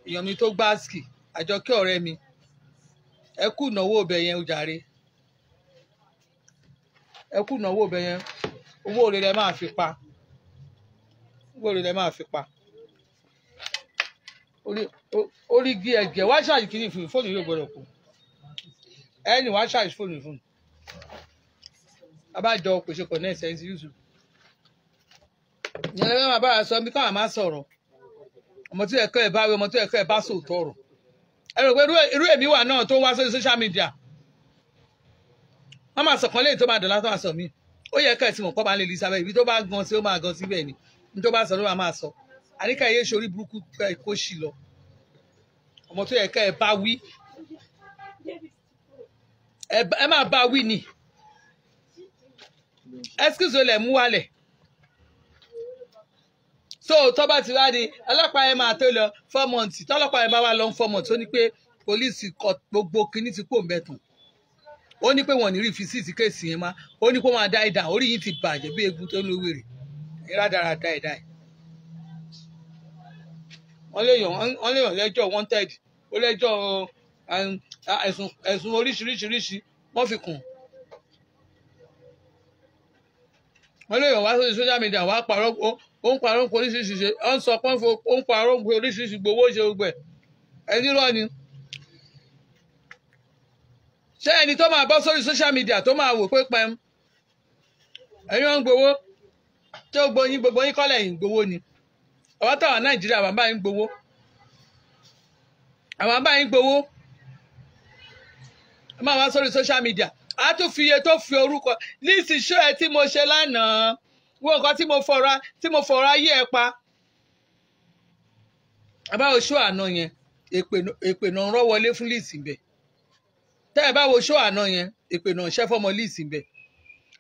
Speaker 1: èèyàn mi tó gbáàsì àjọkẹ́ ọ̀rẹ́ mi ẹ kú ìnáwó yẹn ẹ kú ìnáwó yẹn owó òrè máa fi pa owó òrè máa fi pa orí gí ẹgẹ wá fún fóònù ẹni wá abájọ kò ṣe connect sense yuzu ìyẹn lọ́wọ́ máa bára sọ bí káwọn máa sọ̀rọ̀ ọmọ tí ẹ̀kọ́ ẹ̀ bá wí ọmọ tí ẹ̀kọ́ ẹ̀ bá sòótọ́ ọ̀rọ̀ ẹ rò pé irú èmi wà náà tó ń wá sórí social media wọ́n máa sọ̀kan léyìn tó máa dọ̀lá tó máa sọ mí ó yẹ ká ẹ̀sìn mọ̀kọ́ máa lè lisa ibi tó bá gan sí ó máa gan síbẹ̀ ni ní tó bá sọ ló máa sọ àríkà yé sori burúkú kó sì lọ ọmọ tó yẹ ká ẹ bá wí ẹ máa bá wí ni excuse olè mú wálẹ̀ so tọ́ba ti wá di ọlọ́pàá yẹn máa tó lọ four months tọ́lọ́pàá yẹn bá wà lọ four months ó ní pé pólíìsì kọ gbogbo kinní ti kó mẹ́tàn ó ní pé wọ́n ní rí fisíìtì kéèsì yẹn má ó ní pé wọ́n á dá ìdá orí yìí ti bàjẹ́ bí egun tó ń lo wèrè ìrádàrà dá ìdá ẹ̀ wọ́n lè yàn wọ́n lè yàn lẹ́jọ́ wanted ó lẹ́jọ́ ẹ̀sùn um, oríṣiríṣiríṣi wọ́n fi kùn wọ́n lè yàn wá sórí social media wá parọ́ ó ń parọ́ ń kó oríṣiríṣi ṣe ó ń sọ pé ó ń parọ́ ń kó oríṣiríṣi gbowó ṣe gbogbo ẹ̀ ẹni rọ ni. ṣé ẹni tó máa bọ́ sórí social media tó máa wò pé pẹ́m ẹ̀yin wọn ń gbowó tí ó gbóyin gbogbo yín kọ́lẹ̀ yìí ń gbowó ni àwọn táwọn Nàìjíríà bàbá yín gbowó àwọn bàbá yín gbowó ẹ máa wá sórí social media a tún fi iye tó fi orúkọ líìsì ṣó ẹ tí mo ṣe lánàá wo nǹkan tí mo fọra tí mo fọra ayé ẹ pa àbá oṣù àná yẹn èpè náà rọ́ wọlé fún líìsì bẹ̀ tẹ́ ẹ bá wo ṣó àná yẹn èpè náà ṣẹ́ fọmọ líìsì bẹ̀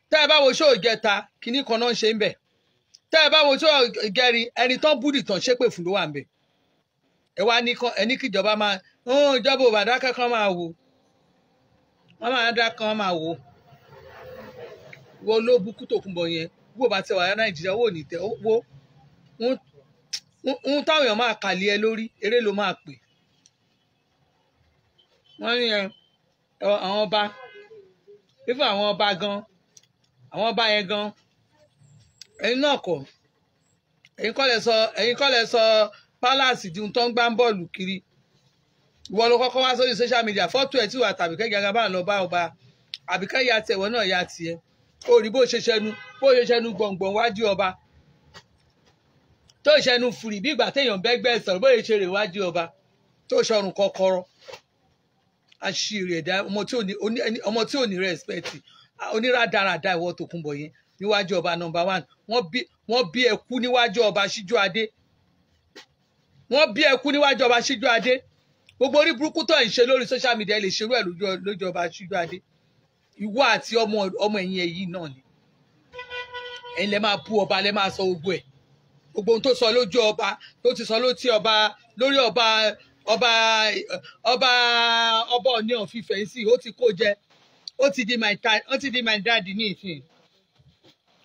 Speaker 1: tẹ́ ẹ bá wo ṣó ìjẹta kínní kan náà ṣe ń bẹ̀ tẹ́ ẹ bá wo ìgẹrin ẹni tán búdì tán ṣépè fún ló wà ń bẹ̀ ẹ wá ní kìjọba máa ń ìjọba òbàdàn máa wò wọ́n máa dá kan wọ́n máa wò wọ́n ló bukú tòkunbọ̀ yẹn wò bá ti wà ní nàìjíríà wò ní tẹ wò ń táwọn èèyàn máa kàlí ẹ lórí eré ló máa pè wọ́n ní àwọn ọba fífún àwọn ọba gan àwọn ọba yẹn gan ẹ̀yin náà kọ̀ ẹ̀yin kọ́ sọ ẹ̀yin kọ́ sọ pálásì di ohun tó ń gbá bọ́ọ̀lù kiri ìwọ ló kọ́kọ́ wá sórí social media fọ́tò ẹ̀ tí wà tàbí kẹ́ gàgà bá ń lọ bá ọba àbí kẹ́ ya tiẹ̀ wọ́n náà ya tiẹ̀ ó rí bó ṣe ṣẹnu bó ṣe ṣẹnu gbọ̀ngbọ̀n wájú ọba tó ṣẹnu fùrì bí ìgbà téèyàn bẹ́gbẹ́ sọ̀rọ̀ bó ṣe rè wájú ọba tó ṣọrùn kọkọrọ àṣírí ẹ̀dá ọmọ tí ò ní rẹ́spẹ̀tì oníradàradà ìwọ Tòkunbọ̀ yẹn níwájú ọba nọmba one wọ́n bí ẹkú níwájú ọba Síjú Adé wọ́n bí ẹkú níwájú ọba Síjú Adé gbogbo orí burúkú tó ń ṣe lórí social media lè ṣerú ẹ̀ lójọba ṣùgbọ́n ìwọ àti ọmọ ọmọ ẹ̀yìn èyí náà ni ẹ̀yin lẹ máa bú ọba lẹ máa sọ gbogbo ẹ̀ gbogbo ohun tó sọ lójú ọba tó ti sọ lótí ọba lórí ọba ọba ọba ọba ọ̀ní ọ̀fìfẹ́ sí ó ti kó jẹ ó ti di my dad ó ti di my dad ní ìfín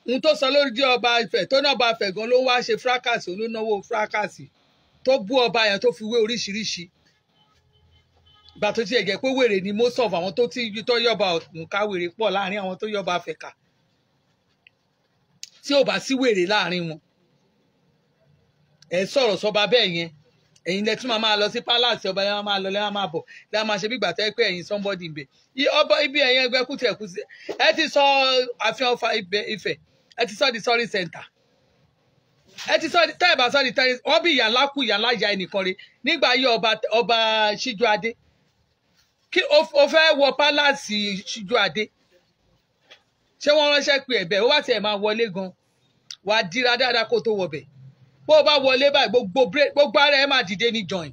Speaker 1: ohun tó sọ lórí ọba Ifẹ̀ tó náà ọba Ifẹ̀ gan ló ń wá ṣe fracas òun fracas tó bú ọba yẹn tó fi wé oríṣiríṣi gbà tó tiẹ̀ jẹ́ pé wèrè ni most of àwọn tó ti tó yọba òǹkà wèrè pọ̀ láàrin àwọn tó yọba àfẹ̀kà tí ò bá sí wèrè láàrin wọn ẹ sọ̀rọ̀ sọba bẹ́ẹ̀ yẹn ẹ̀yin lẹ tún máa lọ sí palace ọba yẹn máa lọ lẹ́yìn máa bọ̀ lẹ́yìn máa ṣe bí gbàtẹ́ pé ẹ̀yin somebody ibẹ̀ ọba ibi ẹ̀yìn ẹgbẹ́ kùtì ẹ̀kùtì ẹ ti sọ àfihàn ọfà Ifẹ̀ ẹ ti sọ the sorry center ẹ ti sọ tẹ́ ẹ bá sọ di tẹ́lẹ̀ wọ́n bí ìyànlá kú ìyànlá ya ẹnìkan rẹ̀ nígbà yí ọba ọba Síjú Adé kí o fẹ́ wọ pálásì ṣíjú adé ṣé wọ́n ránṣẹ́ pé ẹ̀bẹ̀ ó wá tiẹ̀ máa wọlé gan wàá dira dáadáa kó tó wọbẹ̀ bó o bá wọlé báyìí gbogbo ara ẹ̀ máa dìde ní join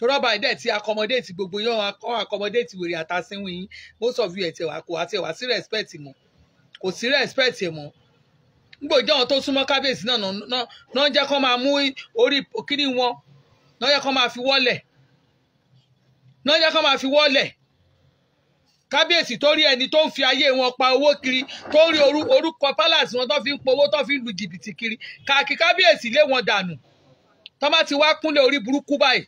Speaker 1: tọ́rọ́bà ìdẹ̀ ti accommodate gbogbo yóò accommodate wèrè àtàsínwìn yín most of you ẹ̀ tẹ̀ wá kó àti ẹ̀ wá sí respect mọ́ kò sí respect mọ́ gbòjọ́ àwọn tó súnmọ́ kábíyèsí náà náà jẹ́ kó máa mú orí kíní wọn náà jẹ́ kó máa fi wọ́lẹ̀ náà yẹ kó máa fi wọ́lẹ̀ kábíyèsí tó rí ẹni tó ń fi ayé wọn pa owó kiri tó rí orúkọ palace wọn tó fi ń powó tó fi ń lu jìbìtì kiri kàkí kábíyèsí lé wọn dànù tó bá ti wá kúnlẹ̀ orí burúkú báyìí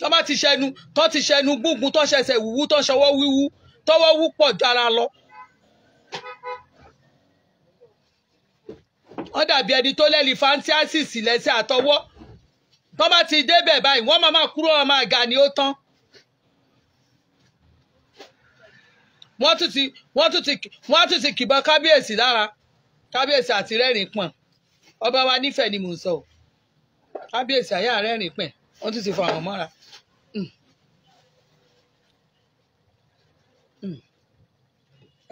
Speaker 1: tó bá ti ṣẹnu tó ti ṣẹnu gbùngbùn tó ṣẹṣẹ wúwú tó ṣọwọ́ wíwú tọwọ́ wú pọ̀ jara lọ. wọ́n dàbí ẹni tó lẹ́lifáńtíásìsì lẹ́sẹ̀ àtọwọ́ tó bá ti débẹ̀ báyìí wọ́n máa máa kúrò ọmọ àga ni ó tán. wọ́n tún ti wọ́n tún ti wọ́n tún ti kìbọn kábíyèsí lára kábíyèsí àti rẹ́rìn pọ̀n ọba wa nífẹ̀ẹ́ ni mò ń sọ o kábíyèsí àyà rẹ́rìn pẹ̀ wọ́n tún ti fọ àwọn mọ́ra. Hmm. Hmm.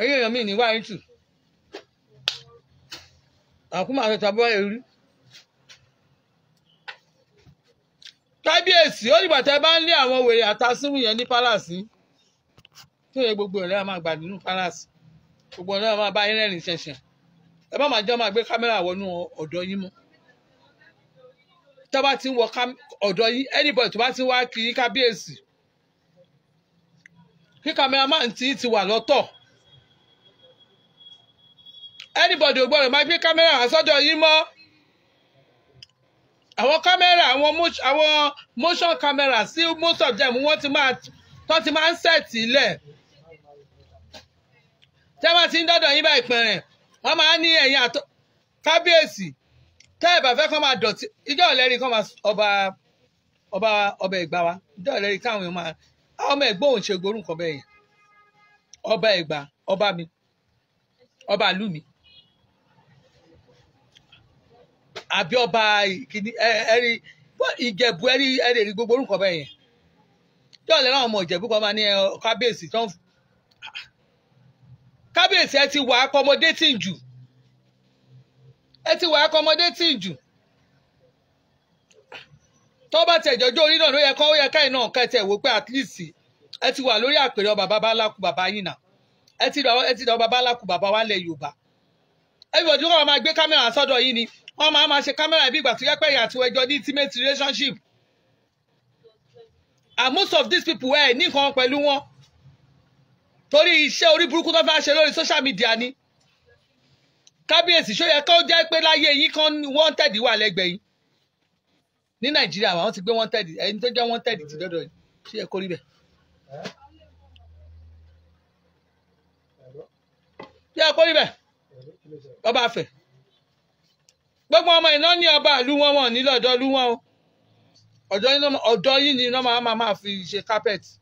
Speaker 1: ẹ̀yin èèyàn mi ní wáyé tù àkúmọ̀ àti tàbí wáyé rí. kábíyèsí ó dìgbà tẹ́ bá ń lé àwọn wèrè àtasímù yẹn ní pálásì tí ó yẹ gbogbo ọ̀rẹ́ a máa gbà nínú pálásì gbogbo ọ̀rẹ́ a máa bá yín rẹ́rìn ṣẹ̀ṣẹ̀ ẹ bá máa jẹ́ máa gbé kámẹ́rà wọnú ọ̀dọ̀ yín mọ́ tó bá ti ń wọ ọ̀dọ̀ yín anybody tó bá ti ń wá kiri kábíyèsí kí kámẹ́rà máa ń tí ti wà lọ́tọ̀ anybody ò gbọ́dọ̀ máa gbé kámẹ́rà wá yín mọ́ àwọn kámẹ́rà àwọn motion camera sí most of them wọ́n ti máa tọ́ ti máa ń sẹ̀tì lẹ̀ tẹ́ bá ti ń dọ́dọ̀ yín bá ìpẹ̀rẹ̀ wọ́n máa ń ní ẹ̀yìn àtọ́ kábíyèsí tẹ́ ẹ̀ bá fẹ́ kọ́ máa dọ̀tí ìjọ ìlẹ́rìí kọ́ máa ọba ọba ọba Ẹ̀gbá wa ìjọ ìlẹ́rìí káwọn èèyàn máa ọmọ ẹ̀gbọ́n òun ṣe gbórúkọ bẹ́ẹ̀ yẹn ọba Ẹ̀gbá ọba mi ọba ìlú mi àbíọba ọba, eri ìjẹ̀bú gbogbo orúkọ bẹ́ẹ̀ yẹn yóò lẹ́nu ọmọ ìjẹ̀bú kan máa ní kábíyèsí tó ń kábíyèsí ẹ ti wà accommodating jù ẹ ti wà accommodating jù tó bá tẹ̀ jọjọ́ orí náà ló yẹ kọ́ wò pé at least ẹ ti wà náà ẹ ti dọ̀ bàbá bàbá lẹ̀ wọ́n máa máa ṣe kámẹ́rà bí ìgbà tó yẹ pé ìyá àti ẹjọ́ ní intimate relationship and most of these people ẹ̀ ní nǹkan pẹ̀lú wọn torí iṣẹ́ orí burúkú tó fẹ́ ṣe lórí social media ni kábíyèsí ṣó yẹ kó jẹ́ pé láyé yìí kan wanted wà lẹ́gbẹ̀ẹ́ yìí ní nàìjíríà àwọn ti gbé wanted ẹni tó jẹ́ wanted ti dọ́dọ̀ yìí ṣó yẹ kó rí bẹ́ẹ̀. ṣó kó rí bàbá àfẹ́ gbogbo ọmọ iná ní ọba ìlú wọn wọn ní lọ́dọ̀ ìlú wọn o ọ̀dọ̀ yín ni iná máa máa fi ṣe kápẹ́ẹ̀tì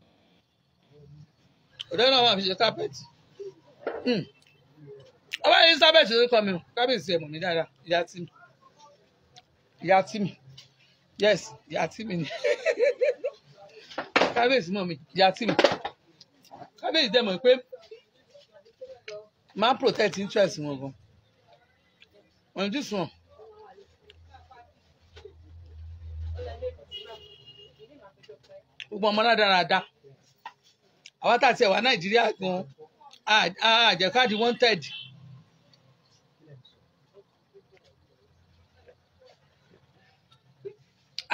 Speaker 1: ọ̀dọ̀ yín náà máa fi ṣe kápẹ́ẹ̀tì hmm. ọba elizabeth ló kọ mi o kábíyèsí ẹ̀mọ̀ mi dáadáa ìyá tí mi ìyá tí mi yes ìyá tí mi ni kábíyèsí mọ̀ mi ìyá tí mi kábíyèsí dẹ̀ mọ̀ pé máa protect interest wọn gan on this one. gbogbo ọmọ rádaràda àwa tá a ti ẹ̀wà nàìjíríà gan àjẹkáàdì wanted.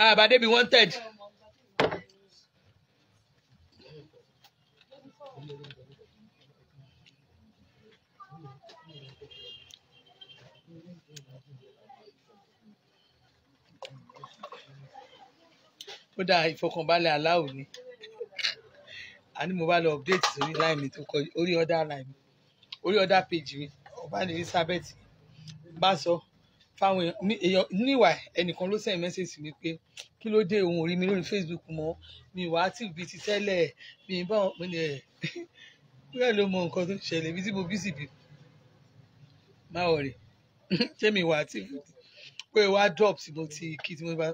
Speaker 1: àbàdébí wanted. Yeah. ó dá ìfọkànbalẹ̀ aláwọ̀ ni àní mo bá lọ update sórí line mi tó kọ orí ọ̀dà line mi orí ọ̀dà page mi ọba ní Elizabeth bá sọ fáwọn èèyàn níwà ẹnìkan ló send message mi pé kí ló dé ohun orí mi lórí Facebook mọ́ mi wà á tì bí ti tẹ́lẹ̀ mi bá wọn pín ẹ̀ bóyá ló mọ nǹkan tó ṣẹlẹ̀ bí tí mo bí sì bí má wọ̀ rẹ̀ ṣé mi wà á tì pé wá drop mo ti kí tí mo bá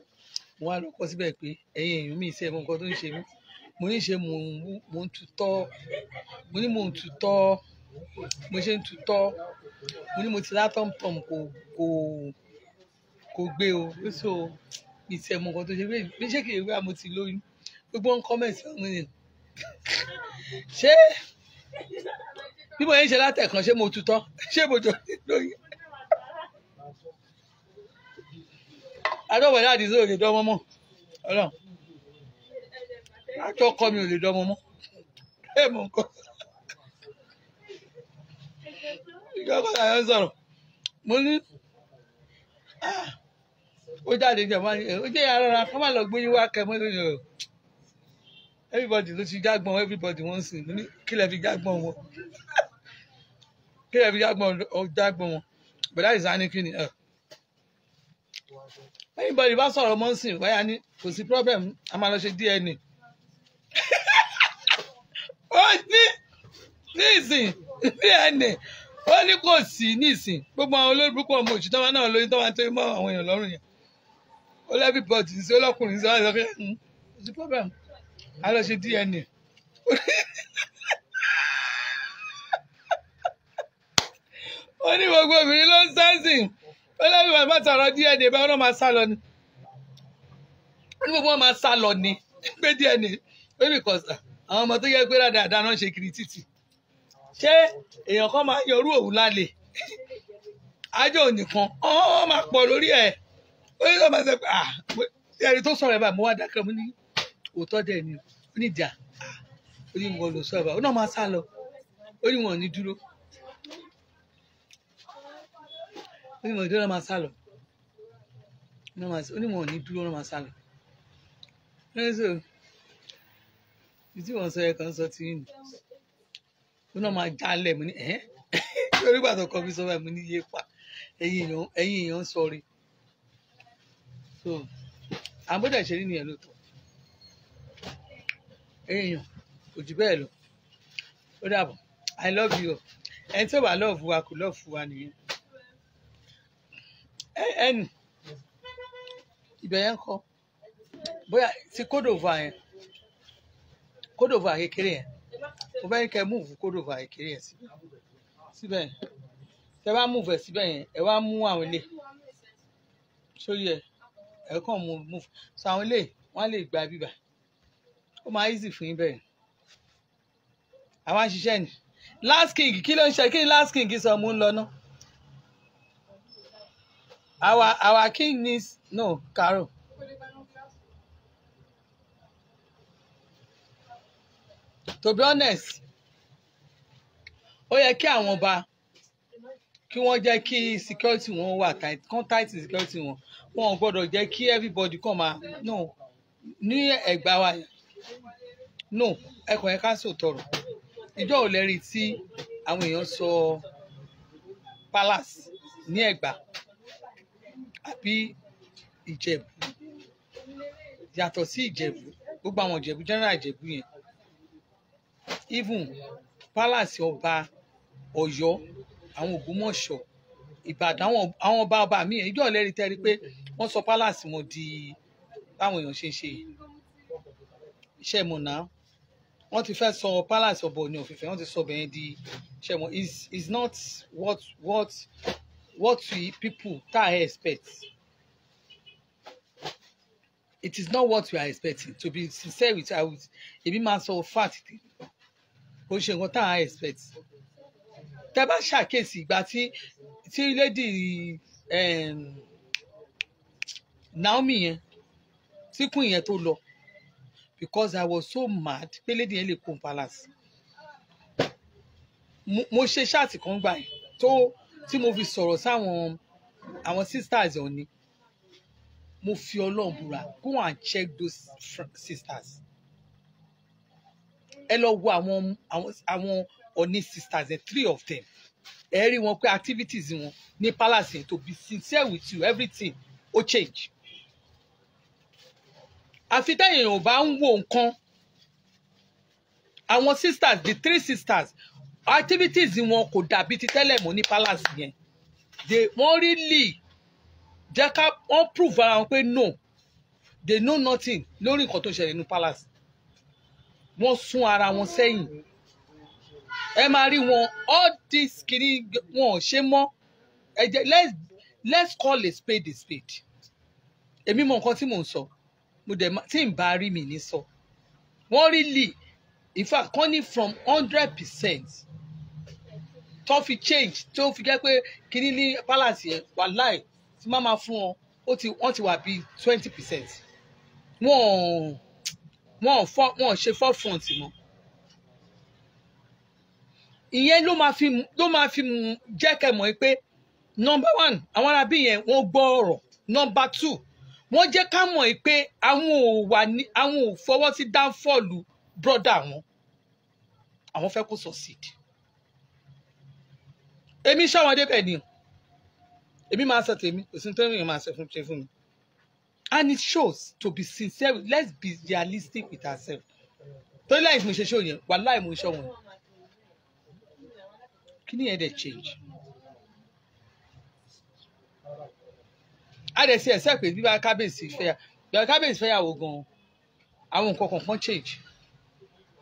Speaker 1: mo wá lọ kọ síbẹ̀ pé ẹ̀yin èèyàn mi ìṣe ẹ̀mọ nǹkan tó ń ṣe mí mo ní ṣe mò ń tutọ́ mo ní mò ń tutọ́ mo ṣe ń tutọ́ mo ní mo ti rá tọ́mtọ́m kò kò kò gbé o so ìṣe ẹ̀mọ nǹkan tó ṣe mí mi ṣe kì í wá mo ti lóyún gbogbo ń kọ́mẹ̀tì ọ̀hún ni ṣé bí mo yẹn ń ṣe látẹ̀kan ṣé mo tutọ́ ṣé mo jọ lóyún. adọ́wọ̀ láti sí òde dánmọ́ Don't ọlọ́run atọ́kọ mi ò lè dánmọ́ mọ́ ẹ mọ̀ nǹkan ìjọba àyọ̀ ń sọ̀rọ̀ mo ní ah, ó jáde jẹ̀ máa ó jẹ́ ara ra kọ́ máa lọ gbé yíwá kẹmọ́ lónìí o everybody ló ti jágbọ́n everybody wants it. sìn ní kill every jack jágbọ́n Kill every jack fi Oh, jack bẹ̀rẹ̀ But that is kí ni eh anybody bá sọ̀rọ̀ mọ́ sìn wáyà ni kò sí problem a máa lọ ṣe DNA ó ní nísìn DNA ó ní kò sí nísìn gbogbo àwọn olórúkọ ọmọ òṣìṣẹ́ wọn náà lóyún tó wá ń tó mọ́ àwọn èèyàn lọ́rùn yẹn ó lẹ́bí bọ́ọ̀tì ní sí ọlọ́kùnrin sí wọn sọ pé hmm, kò sí problem a lọ ṣe DNA. ó ní gbogbo obìnrin ló ń sánsìn olórí wọn bá sọ̀rọ̀ DNA báyìí wọ́n máa sá lọ ni wọ́n ní gbogbo wọn máa sá lọ ni pé DNA pé because àwọn ọmọ tó yẹ pé dáadáa náà ṣe kiri títì ṣé èèyàn kan máa yọrú òun lálẹ́ àjọ nìkan ọ̀hún máa pọ̀ lórí ẹ̀ ó yẹ máa sọ pé ah ẹni tó sọ̀rọ̀ ẹ̀ bá mo wá dákẹ́ mo ní òótọ́ dẹ̀ ni ó ní ìjà ó ní mo lọ sọ̀rọ̀ bá ó náà máa sá lọ ó ní dúró onímọ̀ ìdúró máa sálọ onímọ̀ òní dúró máa sálọ lẹ́sọ̀ ìtí wọ́n sọ ẹ̀ kàn sọ tí ń ó náà máa jálẹ̀ mo ní ẹ̀ torí gbàtọ̀ kọ́ mi sọ báyìí mo ní yé pa ẹ̀yìn èèyàn sọrí so àbúdà ìṣeré nìyẹn ló tọ́ èèyàn kò jù bẹ́ẹ̀ lọ ó dàbọ̀ i love you ẹni tí ó bá lọ́ọ̀fù wa kò lọ́ọ̀fù wa nìyẹn n ibẹ̀ yẹn kọ́ bóyá ti kódòvà yẹn kódòvà kékeré yẹn mo fẹ́ kẹ́ múùfù kódòvà kékeré yẹn síbẹ̀ tẹ́ bá múùfù ẹ̀ síbẹ̀ yẹn ẹ wá mú àwọn ilé sórí ẹ ẹ kàn mú múùfù so àwọn ilé wọ́n lè gba bíbà ó máa easy fún yín bẹ́ẹ̀ àwa ń ni last king kí ló ń ṣe kí last king sọ mú ń lọ náà. Our our king needs no Carol. To be honest, ó yẹ kí àwọn ọba kí wọ́n jẹ́ kí security wọn wà tight kan tight security wọn wọn ò gbọ́dọ̀ kí everybody kàn máa no ní ẹ̀gbá wa no ẹ̀kọ́ yẹn ká sòtọ̀rọ̀ ìjọ ò lẹ́rìí tí àwọn èèyàn sọ palace ní ẹ̀gbá àbí ìjẹ̀bú yàtọ̀ sí ìjẹ̀bú gbogbo àwọn ìjẹ̀bú general ìjẹ̀bú yẹn even palace ọba ọ̀yọ́ àwọn ògbómọ̀ṣọ́ ìbàdàn àwọn ọba ọba mi yẹn ìjọ lẹ́rìí tẹ́rí pé wọ́n sọ palace wọn di báwọn èèyàn ṣe ń ṣe iṣẹ́ mọ̀nà wọ́n ti fẹ́ sọ palace ọba Ọọ̀ni of Ifẹ̀ wọ́n ti sọ bẹ̀yẹn di iṣẹ́ mọ̀ is is not what what what we people ta expect it is not what we are expecting to be sincere with i would ebi máa sọ fact o ṣe nǹkan tá à ń expect tẹ bá ṣàkíyèsí ìgbà tí tí lady Naomi yẹn tí kún yẹn tó lọ because i was so mad pé lady yẹn lè kún palace mo ṣe ṣáàtì kan gbà yẹn tó. So, tí mo fi sọ̀rọ̀ sáwọn àwọn sisters òní mo fi ọlọ́run búra go and check those sisters ẹ lọ wo àwọn àwọn òní sisters ẹ three of them ẹ rí wọn pé activities wọn ní palace yẹn to be sincere with you everything ó change àfi tẹ́yìn ò bá ń wo nǹkan àwọn sisters the three sisters activities wọn kò dàbí ti tẹ́lẹ̀ mọ́ ní palace yẹn they wọ́n really jẹ́ ká wọ́n prove ara wọn pé no they know nothing lórí nǹkan tó ń ṣẹlẹ̀ nínú palace wọ́n sún ara wọn sẹ́yìn ẹ máa rí wọn all this kiri wọn ò ṣe mọ́ ẹ jẹ́ let's let's call a spade a spade èmi mọ nǹkan tí mò ń sọ mo dẹ̀ tí n bá rí mi ní sọ wọ́n rí lì in fact kọ́ni from hundred percent tó fi change tó fi jẹ́ pé kínní ní balance yẹn wà láì tí má máa fún ọ ó ti wọ́n ti wà bíi twenty percent wọ́n wọ́n wọ́n ṣe four front mọ́ ìyẹn ló máa fi ló máa fi jẹ́ kẹ́ mọ̀ pé number one àwọn arábí yẹn wọ́n gbọ́ ọ̀rọ̀ number two wọ́n jẹ́ ká mọ̀ pé àwọn ò wà ní àwọn ò fọwọ́ sí dáńfọ́ọ̀lù brọ́dà wọn àwọn fẹ́ kó sọ èmi ṣáwọn débẹ̀ ni èmi máa ṣe tèmi kò sí ní tẹ́lẹ̀ máa ṣe fún ṣe fún mi and it shows to be sincere let's be realistic with ourselves torí láì mo ṣe ṣó yẹn wà láì mo ṣọ wọn kí ni ẹ dẹ change a dẹ sí ẹsẹ pé bíbá kábíyèsí fẹ́ bíbá kábíyèsí fẹ́ yàwó gan àwọn nǹkan kan kan change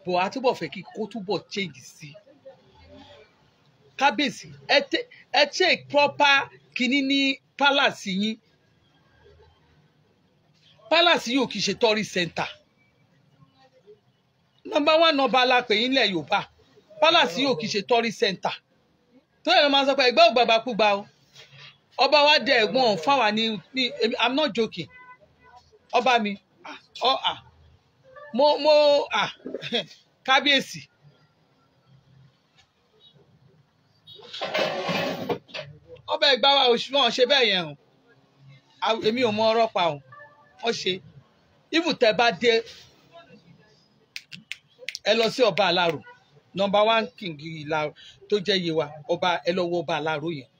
Speaker 1: bọ̀ àtúbọ̀ fẹ́ kí kó túbọ̀ change sí i kábíyèsí ẹ take proper kínní ní palace yín palace yìí ò kì í ṣe torí center nọ́mbà one nọ́mbà alápè yín ilẹ̀ Yorùbá palace yìí ò kì í ṣe torí center tó yẹ máa sọ pé ẹgbẹ́ ògbàgbà kúgba o ọba wa dẹ ẹ̀gbọ́n fáwa ní ní i'm not joking ọba mi ah, ọ à ah. mo mo à ah, kábíyèsí ọbẹ̀ ìgbà wa oṣù náà ṣe bẹ́ẹ̀ yẹn o èmi ò mọ ọ̀rọ̀ pa o wọ́n ṣe ibù tẹ́ bá dé ẹ lọ sí ọba alárò nọmba one king ìlàrò tó jẹ́ yewa ọba ẹ lọ wo ọba alárò yẹn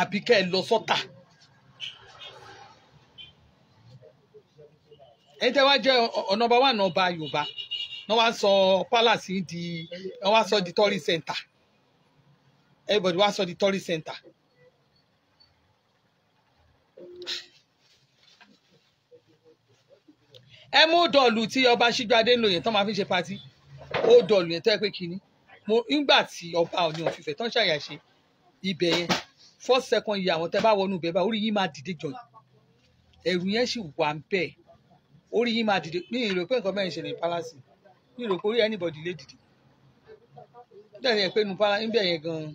Speaker 1: àbí kẹ́ ẹ lọ sọ́tà. ẹ tẹ́ wá jẹ́ nọmba one ọba yorùbá wọ́n wá sọ palace di wọ́n wá sọ di tourist center everybody wants to the tourist center. ẹ mú dọ̀lù tí ọba ṣíjúadé ń lò yẹn tán máa fi ṣe patí ó dọ̀lù yẹn tó yẹ pé kínní mo nígbà tí ọba Ọ̀ọ̀ni of Ifẹ̀ tán ṣàyà ṣe ibẹ̀ yẹn first second year àwọn tẹ bá wọnú ibẹ̀ bá orí yín máa dìde jọ̀yìn ẹ̀rù yẹn sì wà ń bẹ̀ orí yín máa dìde mi ìrò pé nǹkan mẹ́rin ṣẹlẹ̀ ní palace mi ìrò pé orí anybody lè dìde bẹ́ẹ̀ ni ẹ̀ pé nu palace ń bẹ̀ yẹn gan-an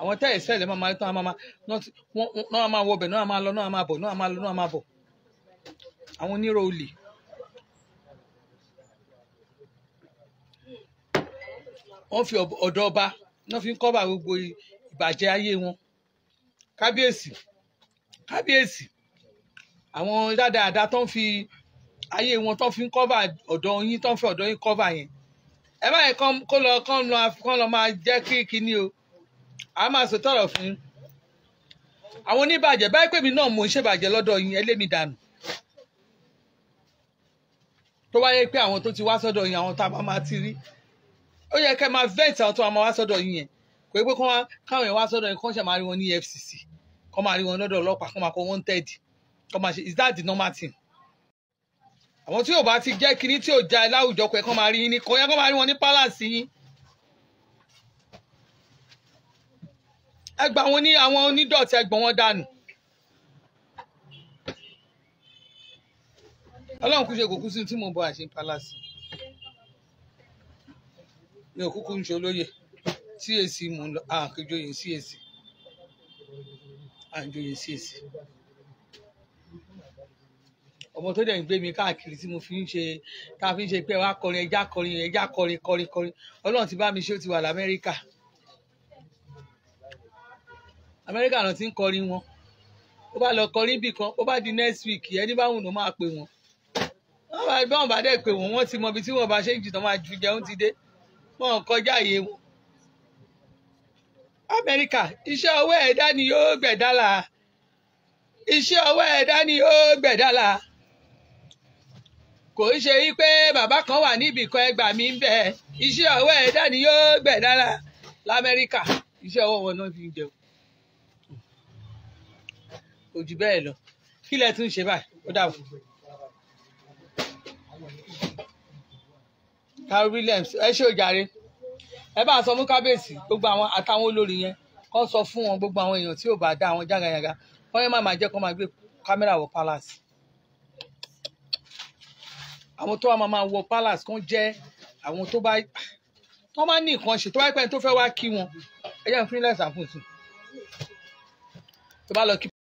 Speaker 1: àwọn tẹ́ ìṣẹ́ ilẹ̀ máa máa tán máa náà máa wọbẹ̀ náà máa lọ náà máa bọ̀ náà máa lọ náà máa bọ̀ àwọn onírò olè. wọ́n fi ọ̀dọ̀ ọba náà fi ń kọ́bà gbogbo ìbàjẹ́ ayé wọn kábíyèsí kábíyèsí àwọn dáadáa tó ń fi ayé wọn tó fi ń kọ́bà ọ̀dọ̀ yín tó ń fi ọ̀dọ̀ yín kọ́bà yẹn ẹ má yẹ kán lọ kán lọ máa jẹ́ kí kinní o a máa sọ tọrọ fún àwọn oníbàjẹ́ báyìí pèmí náà mò ń ṣèbàjẹ́ lọ́dọ̀ yín ẹlẹ́mi dànù tó wáyé pé àwọn tó ti wá sọ́dọ̀ yín àwọn tá a máa ti rí ó yẹ kẹ́ máa vent àwọn tó máa wá sọ́dọ̀ yín yẹn kò pé káwọn yẹn wá sọ́dọ̀ yín kó ṣe máa rí wọn ní FCC. kó máa rí wọn lọ́dọ̀ ọlọ́pàá kó máa kó wanted kó máa ṣe is that the normal thing àwọn tí yóò bá ti jẹ́ kinní tí yóò já ẹ láwùjọ pé kó máa rí yín ní kó yẹ kó máa rí wọn ní palace ẹgbà wọn ní àwọn onídọ̀tí ẹgbọ̀n wọn dànù. ọlọ́run kú ṣe kò kú sí tí mo bọ àṣẹ palasi mi ò kúkú ń ṣe olóye CAC mò ń lọ àkèjọyè CAC àjọyè CAC ọmọ tó dẹ̀ ń gbé mi káàkiri tí mo fi ń ṣe tá a fi ń ṣe pé wá kọrin ẹja kọrin ẹja kọrin kọrin kọrin ọlọ́run ti bá mi ṣe ó ti wà lamẹ́ríkà amẹ́ríkà náà ti ń kọrin wọn ó bá lọ kọrin bì kan ó bá di next week ẹni bá wùn ló máa pè wọn báwọn bá dẹ̀ pè wọ́n wọ́n ti mọ ibi tí wọ́n bá ṣe ń jìtàn máa ju jẹun ti dé wọ́n kọjá àyè wọn. amẹ́ríkà iṣẹ́ ọwọ́ ẹ̀dá ni yóò gbẹ̀dálà iṣẹ́ ọwọ́ ẹ̀dá ni yóò gbẹ̀dálà kò ń ṣe yí pé bàbá kan wà níbì kan ẹgbàá mi ń bẹ iṣẹ́ ọwọ́ ẹ̀dá ni yóò gbẹ̀dálà lamẹ́ríkà iṣẹ́ ọwọ́ wọn náà fi ń jẹun kò jù bẹ́ẹ̀ lọ kí lẹ tún ṣe báyìí ó dàbọ̀. Carol Williams ẹ ṣe òjàre ẹ bá sọ fún kábíyèsí gbogbo àwọn àtàwọn olórí yẹn kó sọ fún wọn gbogbo àwọn èèyàn tí ò bá dá àwọn jágayàga wọn yẹn má máa jẹ́ kó máa gbé kámẹ́rà wọ palace àwọn tó wà máa wọ palace kan jẹ́ àwọn tó bá tó bá ní nǹkan ṣe tó bá pẹ́ tó fẹ́ wá kí wọn ẹ jẹ́ fún ilé ẹ̀sán fún un tó bá lọ kí.